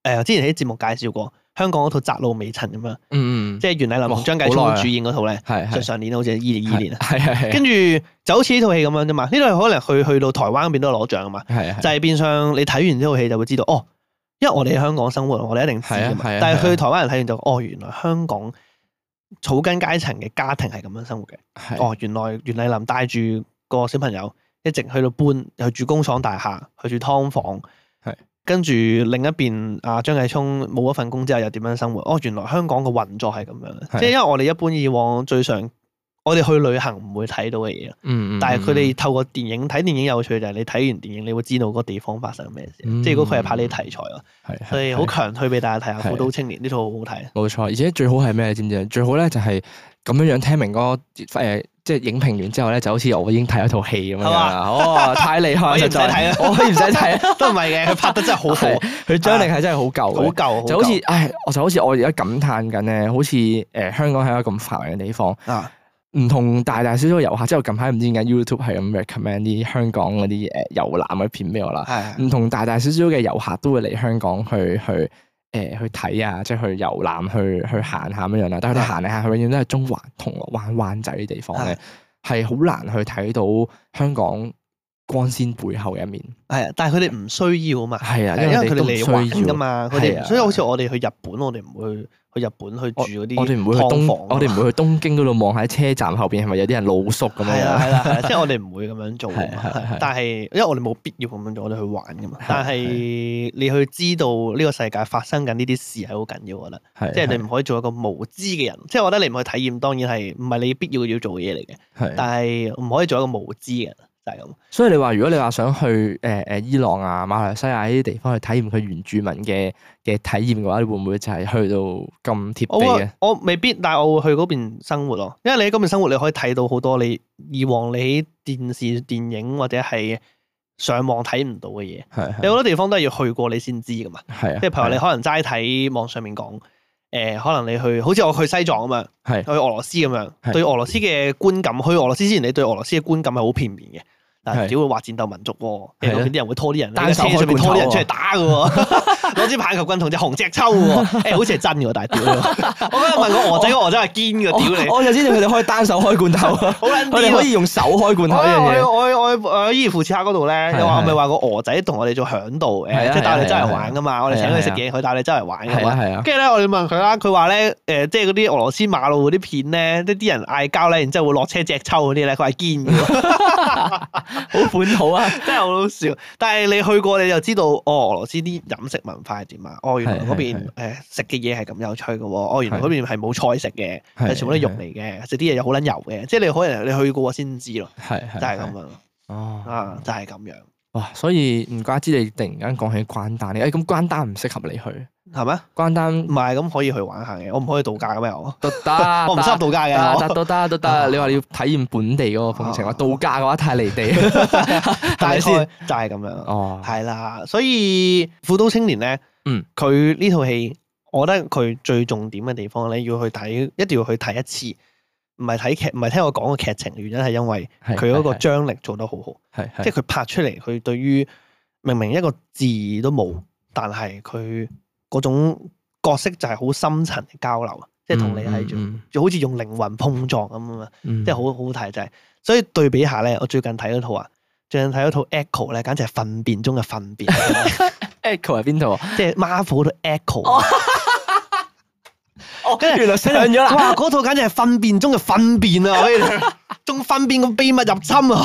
呃、之前喺啲節目介紹過。香港嗰套窄路微塵咁樣，嗯嗯，即係袁澧林同張繼聰主演嗰套咧，嗯哦、就上年好似二年二年啊，係係係，跟住就好似呢套戲咁樣啫嘛。呢套可能去去到台灣嗰邊都攞獎啊嘛，係啊，就係變相你睇完呢套戲就會知道哦，因為我哋喺香港生活，我哋一定知是是是是，但係去台灣人睇完就，哦，原來香港草根階層嘅家庭係咁樣生活嘅，是是哦，原來袁澧林帶住個小朋友一直去到搬，去住工廠大廈，去住劏房，係的。的跟住另一邊，阿張繼聰冇一份工之後又點樣生活？哦，原來香港嘅運作係咁樣，即係的因為我哋一般以往最常，我哋去旅行唔會睇到嘅嘢嗯，嗯，嗯但係佢哋透過電影，睇電影有趣就係你睇完電影，你會知道嗰個地方發生咩事，嗯嗯即係如果佢係拍呢啲題材咯，係，所以好強推俾大家睇下《古都青年》，呢套好好睇。冇錯，而且最好係咩？你知唔知最好咧就係咁樣樣聽明哥誒。即係影評完之後咧，就好似我已經睇咗套戲咁樣啦。哇，太厲害實在，睇，我唔使睇啦，都唔係嘅，佢拍得真係好好，佢張力係真係好夠。好夠就好似，唉、呃，我就好似我而家感嘆緊咧，好似誒，香港係一個咁繁榮嘅地方。唔、啊、同大大小小遊客，即係近排唔知點解 YouTube 係咁 recommend 啲香港嗰啲誒遊覽嘅片俾我啦。唔、啊、同大大小小嘅遊客都會嚟香港去去。誒、呃，去睇啊，即係去遊覽、去去行下咁樣啦。但係佢行嚟行去永遠都係中環、銅鑼灣、灣仔啲地方嘅，係好的難去睇到香港光鮮背後嘅一面。係啊，但係佢哋唔需要啊嘛。係啊，因為佢哋嚟玩噶嘛。係啊，所以好似我哋去日本，我哋唔會。去日本去住嗰啲，我哋唔會去東，我哋唔會去東京嗰度望喺車站後邊係咪有啲人露宿咁樣。係啦，即係我哋唔會咁樣做。係係係。但係因為我哋冇必要咁樣做，我哋去玩㗎嘛。但係你去知道呢個世界發生緊呢啲事係好緊要，我覺得。係。即係你唔可以做一個無知嘅人。即係我覺得你唔去體驗，當然係唔係你必要要做嘅嘢嚟嘅。但係唔可以做一個無知嘅人。就係咁，所以你話如果你話想去誒誒伊朗啊、馬來西亞呢啲地方去體驗佢原住民嘅嘅體驗嘅話，你會唔會就係去到咁貼地啊？我未必，但係我會去嗰邊生活咯，因為你喺嗰邊生活，你可以睇到好多你以往你喺電視、電影或者係上網睇唔到嘅嘢。係有好多地方都係要去過你先知噶嘛。係，即係譬如話你可能齋睇網上面講。誒、呃，可能你去，好似我去西藏咁樣，是去俄羅斯咁樣，是對俄羅斯嘅觀感，是去俄羅斯之前你對俄羅斯嘅觀感係好片面嘅，是但係只會話戰鬥民族、啊，其實啲人會拖啲人，單手上面拖啲人出嚟打㗎、啊。 攞支棒球棍同隻熊隻抽喎、欸，好似係真嘅喎大屌！ 我今日問過俄我個俄仔是真是真是，俄仔係堅嘅屌你的！我就知道佢哋可以單手開罐頭，好撚啲，可以用手開罐頭我。我我我我，我，我，我伊爾庫特克嗰度咧，又話咪話個俄仔同我哋做響度，誒的即係帶我哋出嚟玩噶嘛，我哋請佢食嘢，佢帶你周圍玩。跟住咧，我哋問佢啦，佢話咧誒，即係嗰啲俄羅斯馬路嗰啲片咧，即啲人嗌交咧，然之後會落車隻抽嗰啲咧，佢係堅嘅，好本土啊，真係好好笑。但係你去過你就知道，哦，俄羅斯啲飲食文快點啊！哦，原來嗰邊誒食嘅嘢係咁有趣㗎喎、哦！是哦，原來嗰邊係冇菜食嘅，係是全部都肉嚟嘅，食啲嘢又好撚油嘅，即係你可能你去過先知咯，係就係咁樣，哦啊，就係咁樣。哇、哦！所以唔怪之你突然間講起關丹，誒、哎，咁關丹唔適合你去，係咪嗎？關丹唔係咁可以去玩下嘅，我唔可以度假嘅咩？我得，唔適合度假嘅，得、啊，都得、啊，都得。你話你要體驗本地嗰個風情，話、啊啊、度假嘅話太離地，係咪先？就係咁樣。哦、啊，係啦，所以《富都青年呢》咧，嗯，佢呢套戲，我覺得佢最重點嘅地方咧，要去睇，一定要去睇一次。唔係睇劇，唔係聽我講個劇情原因，係因為佢嗰個張力做得好好，是是是是即係佢拍出嚟，佢對於明明一個字都冇，但係佢嗰種角色就係好深層嘅交流，即係同你係做，嗯嗯就好似用靈魂碰撞咁啊，嗯嗯即係好好睇，就係、是、所以對比下呢。我最近睇嗰套啊，最近睇嗰套 Echo 咧，簡直係糞便中嘅糞便，Echo 係邊套？即係 Marvel 嘅 Echo。 哦，原來上咗啦！哇，嗰套簡直係糞便中嘅糞便啊，仲糞便咁秘密入侵啊！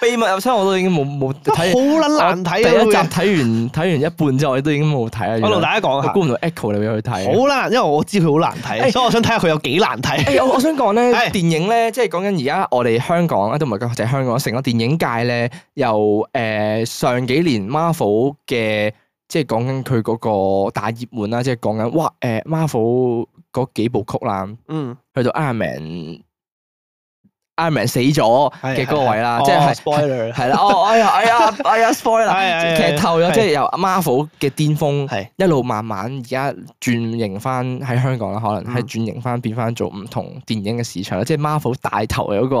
秘密入侵，我都已經冇冇睇，好捻難睇啊！第一集睇完睇完一半之後，我都已經冇睇啦。我同大家講，我估唔到 Echo 你會去睇。好難，因為我知佢好難睇，所以我想睇下佢有幾難睇。我我想講咧，電影咧，即係講緊而家我哋香港啊，都唔係講就係香港成個電影界咧，由誒上幾年 Marvel 嘅。即係講緊佢嗰個大熱門啦，即係講緊哇，誒，Marvel 嗰幾部曲啦，嗯，去到 Ironman，Ironman 死咗嘅嗰個位啦，即係係，spoiler，係啦，哦，哎呀，哎呀，哎呀，spoiler，劇透咗，即係由 Marvel 嘅巔峰，係一路慢慢而家轉型翻喺香港啦，可能係轉型翻變翻做唔同電影嘅市場啦，即係 Marvel 帶頭嘅嗰個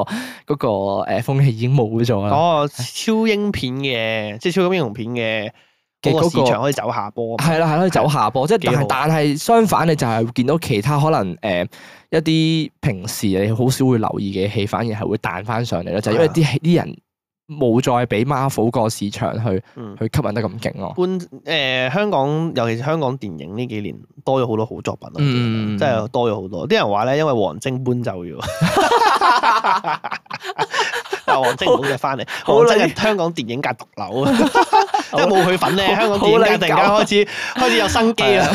嗰個誒風氣已經冇咗啦，哦，超英片嘅，即係超級英雄片嘅。個市場可以走下坡，係啦，係可以走下坡。即係的但係相反，你就係會見到其他可能誒、呃、一啲平時你好少會留意嘅戲，反而係會彈翻上嚟咯。的就係因為啲啲人冇再俾 Marvel 個市場去、嗯、去吸引得咁勁咯。搬誒、嗯，香港、呃、尤其是香港電影呢幾年多咗好多好作品咯、啊，即係、嗯、多咗好多。啲人話咧，因為王晶搬走咗。 但係王晶冇嘅翻嚟，王真係香港電影界毒瘤啊！即係冇佢份咧，香港電影界突然間開始開始有生機啊！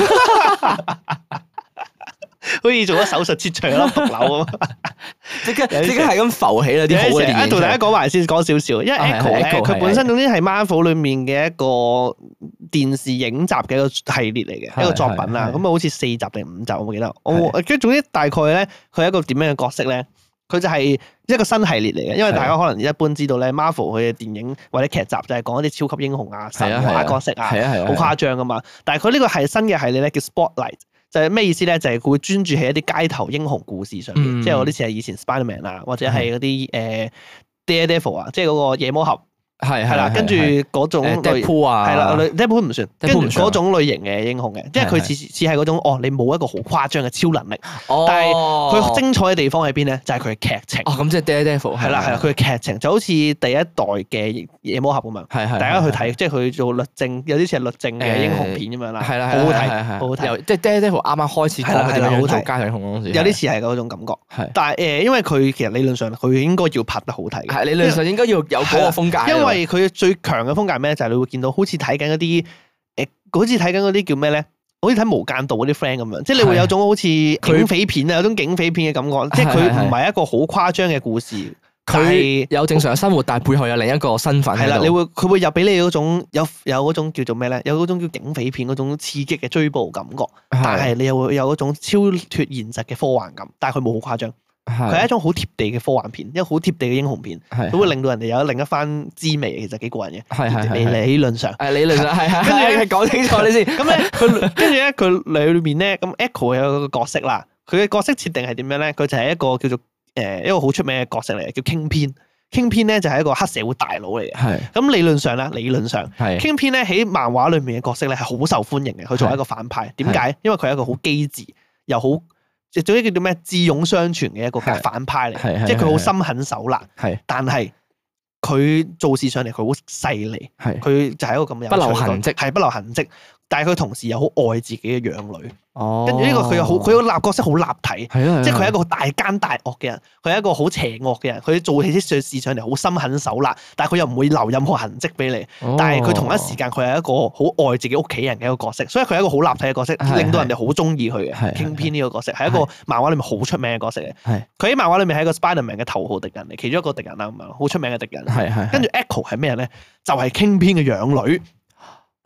好似做咗手術切除粒毒瘤咁 時 時，即刻即刻係咁浮起啦啲好嘅電影。啊，同大家講埋先，講少少，因為 Echo，佢本身總之係 Marvel 裏面嘅一個電視影集嘅一個系列嚟嘅一個作品啦。咁啊，好似四集定五集，我冇記得。我跟住總之大概咧，佢係一個點樣嘅角色咧？佢就係一個新系列嚟嘅，因為大家可能一般知道咧，Marvel 佢嘅電影或者劇集就係講一啲超級英雄啊、神話角色啊，係啊係啊，好誇張噶嘛。但係佢呢個係新嘅系列咧，叫 Spotlight，就係咩意思咧？就係、是、佢會專注喺一啲街頭英雄故事上邊，嗯、即係我啲似係以前 Spiderman 啊，或者係嗰啲誒 Daredevil 啊，嗯呃、de vil, 即係嗰個夜魔俠。係係啦，跟住嗰種類係啦，類 Daredevil 唔算，跟住嗰種類型嘅英雄嘅，即係佢似似係嗰種哦，你冇一個好誇張嘅超能力，但係佢精彩嘅地方喺邊咧？就係佢嘅劇情。咁即係 Daredevil 係啦係啦，佢嘅劇情就好似第一代嘅夜魔俠咁樣，大家去睇，即係佢做律政，有啲似律政嘅英雄片咁樣啦，好好睇，好好睇，即係 Daredevil 啱啱開始嗰陣好睇，街有啲似係嗰種感覺，但係誒，因為佢其實理論上佢應該要拍得好睇，理論上應該要有嗰個風格。係佢最強嘅風格係咩？就係你會見到好似睇緊嗰啲誒，好似睇緊嗰啲叫咩咧？好似睇無間道嗰啲 friend 咁樣，的即係你會有種好似警匪片啊，他有種警匪片嘅感覺。的即係佢唔係一個好誇張嘅故事，佢的是有正常嘅生活，我但係背後有另一個身份。係啦，你會佢會又俾你嗰種有有嗰種叫做咩咧？有嗰種叫警匪片嗰種刺激嘅追捕感覺，但係你又會有一種超脫現實嘅科幻感，但係佢冇好誇張。佢係一種好貼地嘅科幻片，一個好貼地嘅英雄片，係，佢會令到人哋有另一番滋味，其實幾過癮嘅。係係係，理論上，誒，理論上係係，講清楚你先。咁咧，佢跟住咧，佢裏面咧，咁 Echo 有個角色啦，佢嘅角色設定係點樣咧？佢就係一個叫做誒一個好出名嘅角色嚟嘅，叫 Kingpin。Kingpin 咧就係一個黑社會大佬嚟嘅。係。咁理論上咧，理論上係。Kingpin 咧喺漫畫裏面嘅角色咧係好受歡迎嘅，佢作為一個反派，點解？因為佢係一個好機智又好。就總之叫叫咩？智勇雙全嘅一個,個反派嚟，即係佢好心狠手辣，但係佢做事上嚟佢好細膩，佢是就係一個咁嘅不留痕迹，係不留痕迹，但係佢同時又好愛自己嘅養女。跟住呢個佢又好，佢個立，角色好立體，即係佢係一個大奸大惡嘅人，佢係一個好邪惡嘅人，佢做起啲事上嚟好心狠手辣，但係佢又唔會留任何痕跡俾你。但係佢同一時間佢係一個好愛自己屋企人嘅一個角色，所以佢係一個好立體嘅角色，令到人哋好中意佢嘅。係 Kingpin 呢個角色係一個漫畫裏面好出名嘅角色嚟，佢喺漫畫裏面係一個 Spiderman 嘅頭號敵人嚟，其中一個敵人啦，咁樣好出名嘅敵人。跟住 Echo 係咩人呢？就係 Kingpin 嘅養女，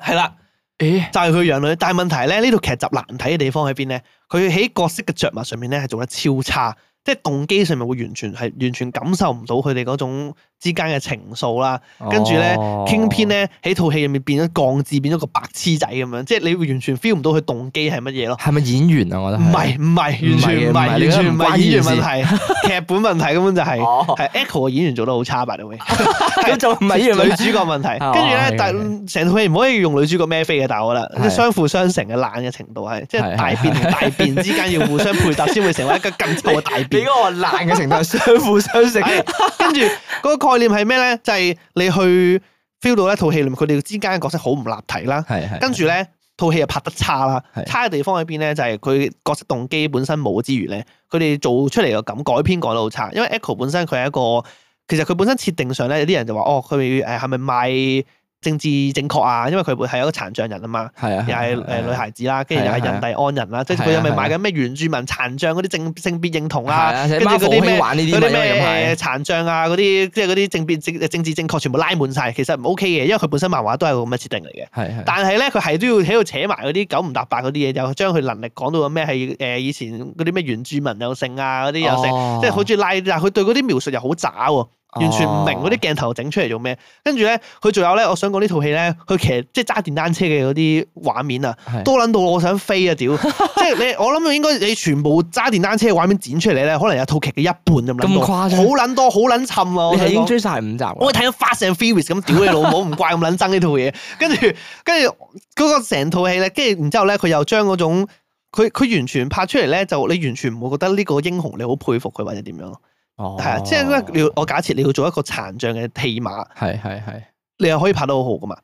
係啦。誒，就係佢養女，但係問題咧，呢套劇集難睇嘅地方喺邊咧？佢喺角色嘅着物上面咧係做得超差。即係動機上面會完全係完全感受唔到佢哋嗰種之間嘅情愫啦，跟住咧，Kingpin 咧喺套戲入面變咗降智，變咗個白痴仔咁樣，即係你會完全 feel 唔到佢動機係乜嘢咯，係咪演員啊？我覺得唔係唔係，完全唔係完全唔係演員問題，劇本問題根本就係係 Echo 個演員做得好差白到咩咁，就唔係女主角問題，跟住咧，但成套戲唔可以用女主角孭飛嘅，但係我咧即相輔相成嘅爛嘅程度係即係大便大便之間要互相配搭先會成為一個更臭嘅大便。你嗰個爛嘅程度相輔相成， 跟住嗰個概念係咩咧？就係、是、你去 feel 到一套戲，佢哋之間嘅角色好唔立體啦。係係，跟住咧，套戲又拍得差啦。差嘅地方喺邊咧？就係、是、佢角色動機本身冇之餘咧，佢哋做出嚟嘅感改編改得好差。因為 Echo 本身佢係一個，其實佢本身設定上咧，有啲人就話哦，佢誒係咪賣？政治正確啊，因為佢係一個殘障人啊嘛，又係誒女孩子啦，跟住又係印第安人啦，即係佢又咪賣緊咩原住民殘障嗰啲政性別認同啦，跟住嗰啲咩殘障啊嗰啲，即係啲政變政政治正確全部拉滿晒，其實唔 OK 嘅，因為佢本身漫畫都係個咁嘅設定嚟嘅。但係咧，佢係都要喺度扯埋嗰啲九唔搭八嗰啲嘢，又將佢能力講到咩係誒以前嗰啲咩原住民有性啊嗰啲有性，即係好似拉，但佢對嗰啲描述又好渣喎。完全唔明嗰啲鏡頭整出嚟做咩？跟住咧，佢仲有咧，我想講呢套戲咧，佢其實即係揸電單車嘅嗰啲畫面啊，多撚是到我想飛啊屌！ 即係你，我諗應該你全部揸電單車嘅畫面剪出嚟咧，可能有套劇嘅一半咁咁多，好撚多，好撚沉啊！你已經追晒五集，我睇到 Fast and Furious 咁屌你老母，唔怪咁撚憎呢套嘢。跟住，跟住嗰個成套戲咧，跟住然之後咧，佢又將嗰種佢佢完全拍出嚟咧，就你完全唔會覺得呢個英雄你好佩服佢或者點樣。哦，係啊，即係咧，我假設你要做一個殘障嘅戲碼，係係係，你又可以拍到好好噶嘛？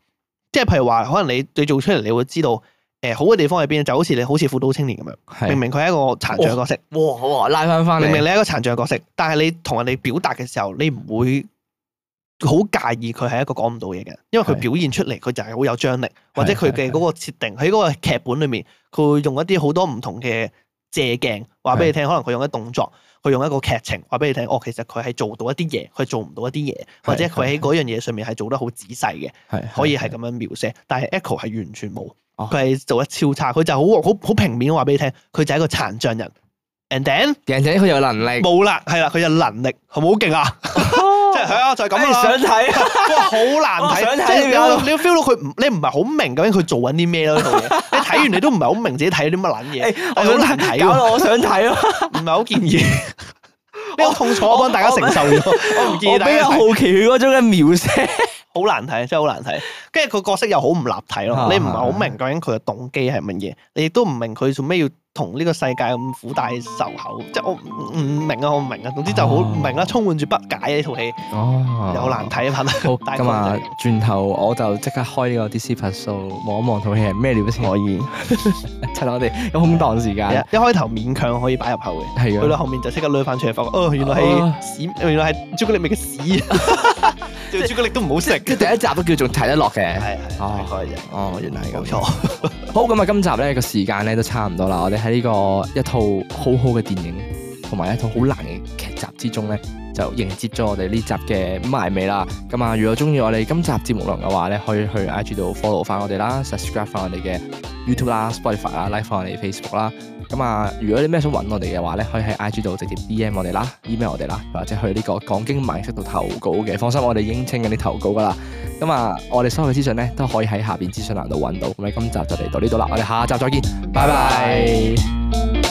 即係譬如話，可能你你做出嚟，你會知道誒、呃、好嘅地方喺邊，就好似你好似《輔導青年》咁樣，是 明明佢係一個殘障嘅角色，哦、哇拉翻翻，來明明你係一個殘障嘅角色，但係你同人哋表達嘅時候，你唔會好介意佢係一個講唔到嘢嘅，因為佢表現出嚟，佢是 就係好有張力，或者佢嘅嗰個設定喺嗰個劇本裏面，佢會用一啲好多唔同嘅。借鏡話俾你聽，可能佢用,用一個動作，佢用一個劇情話俾你聽，哦，其實佢係做到一啲嘢，佢做唔到一啲嘢，或者佢喺嗰樣嘢上面係做得好仔細嘅，係可以係咁樣描寫。是是是是但係 Echo 係完全冇，佢係是是 做得超差，佢就好好好平面話俾你聽，佢就係一個殘障人。And then，殘障佢有能力冇啦，係啦，佢有能力，好唔好勁啊？ 係啊，就係咁啦。想睇啊，好難睇，即係你，你要 feel 到佢，你唔係好明究竟佢做緊啲咩咯？呢套嘢你睇完你都唔係好明自己睇啲乜撚嘢。我好想睇，搞到我想睇咯，唔係好建議。呢個痛楚我幫大家承受咗。我唔建議大家好奇嗰種嘅描寫，好難睇，真係好難睇。跟住個角色又好唔立體咯，你唔係好明究竟佢嘅動機係乜嘢，你亦都唔明佢做咩要。同呢個世界咁苦大仇口，即係我唔明啊，我唔明啊，總之就好唔明啊，充滿住不解呢套戲，有難睇嘛。好咁啊，轉頭我就即刻開呢個 discuss show，望一望套戲係咩料先可以。趁我哋有空檔時間，一開頭勉強可以擺入口嘅，去到後面就即刻亂翻出嚟，發覺，哦，原來係屎，原來係朱古力味嘅屎。朱古力都唔好食，第一集都叫做「睇得落」嘅。係啊，哦，哦，原來係咁錯。好咁啊！今集咧個時間咧都差唔多啦，我哋喺呢個一套好好嘅電影，同埋一套好難嘅劇集之中咧，就迎接咗我哋呢集嘅埋尾啦。咁啊，如果中意我哋今集節目論嘅話咧，可以去 IG 度 follow 翻我哋啦，subscribe 翻我哋嘅 YouTube 啦，Spotify 啦，like 翻我哋 Facebook 啦。咁啊，如果你咩想揾我哋嘅話呢，可以喺 I G 度直接 D M 我哋啦，email 我哋啦，或者去呢個港經網色講經萬應室度投稿嘅，放心，我哋應清緊啲投稿噶啦。咁啊，我哋所有資訊呢都可以喺下邊資訊欄度揾到。咁喺今集就嚟到呢度啦，我哋下集再見，拜拜。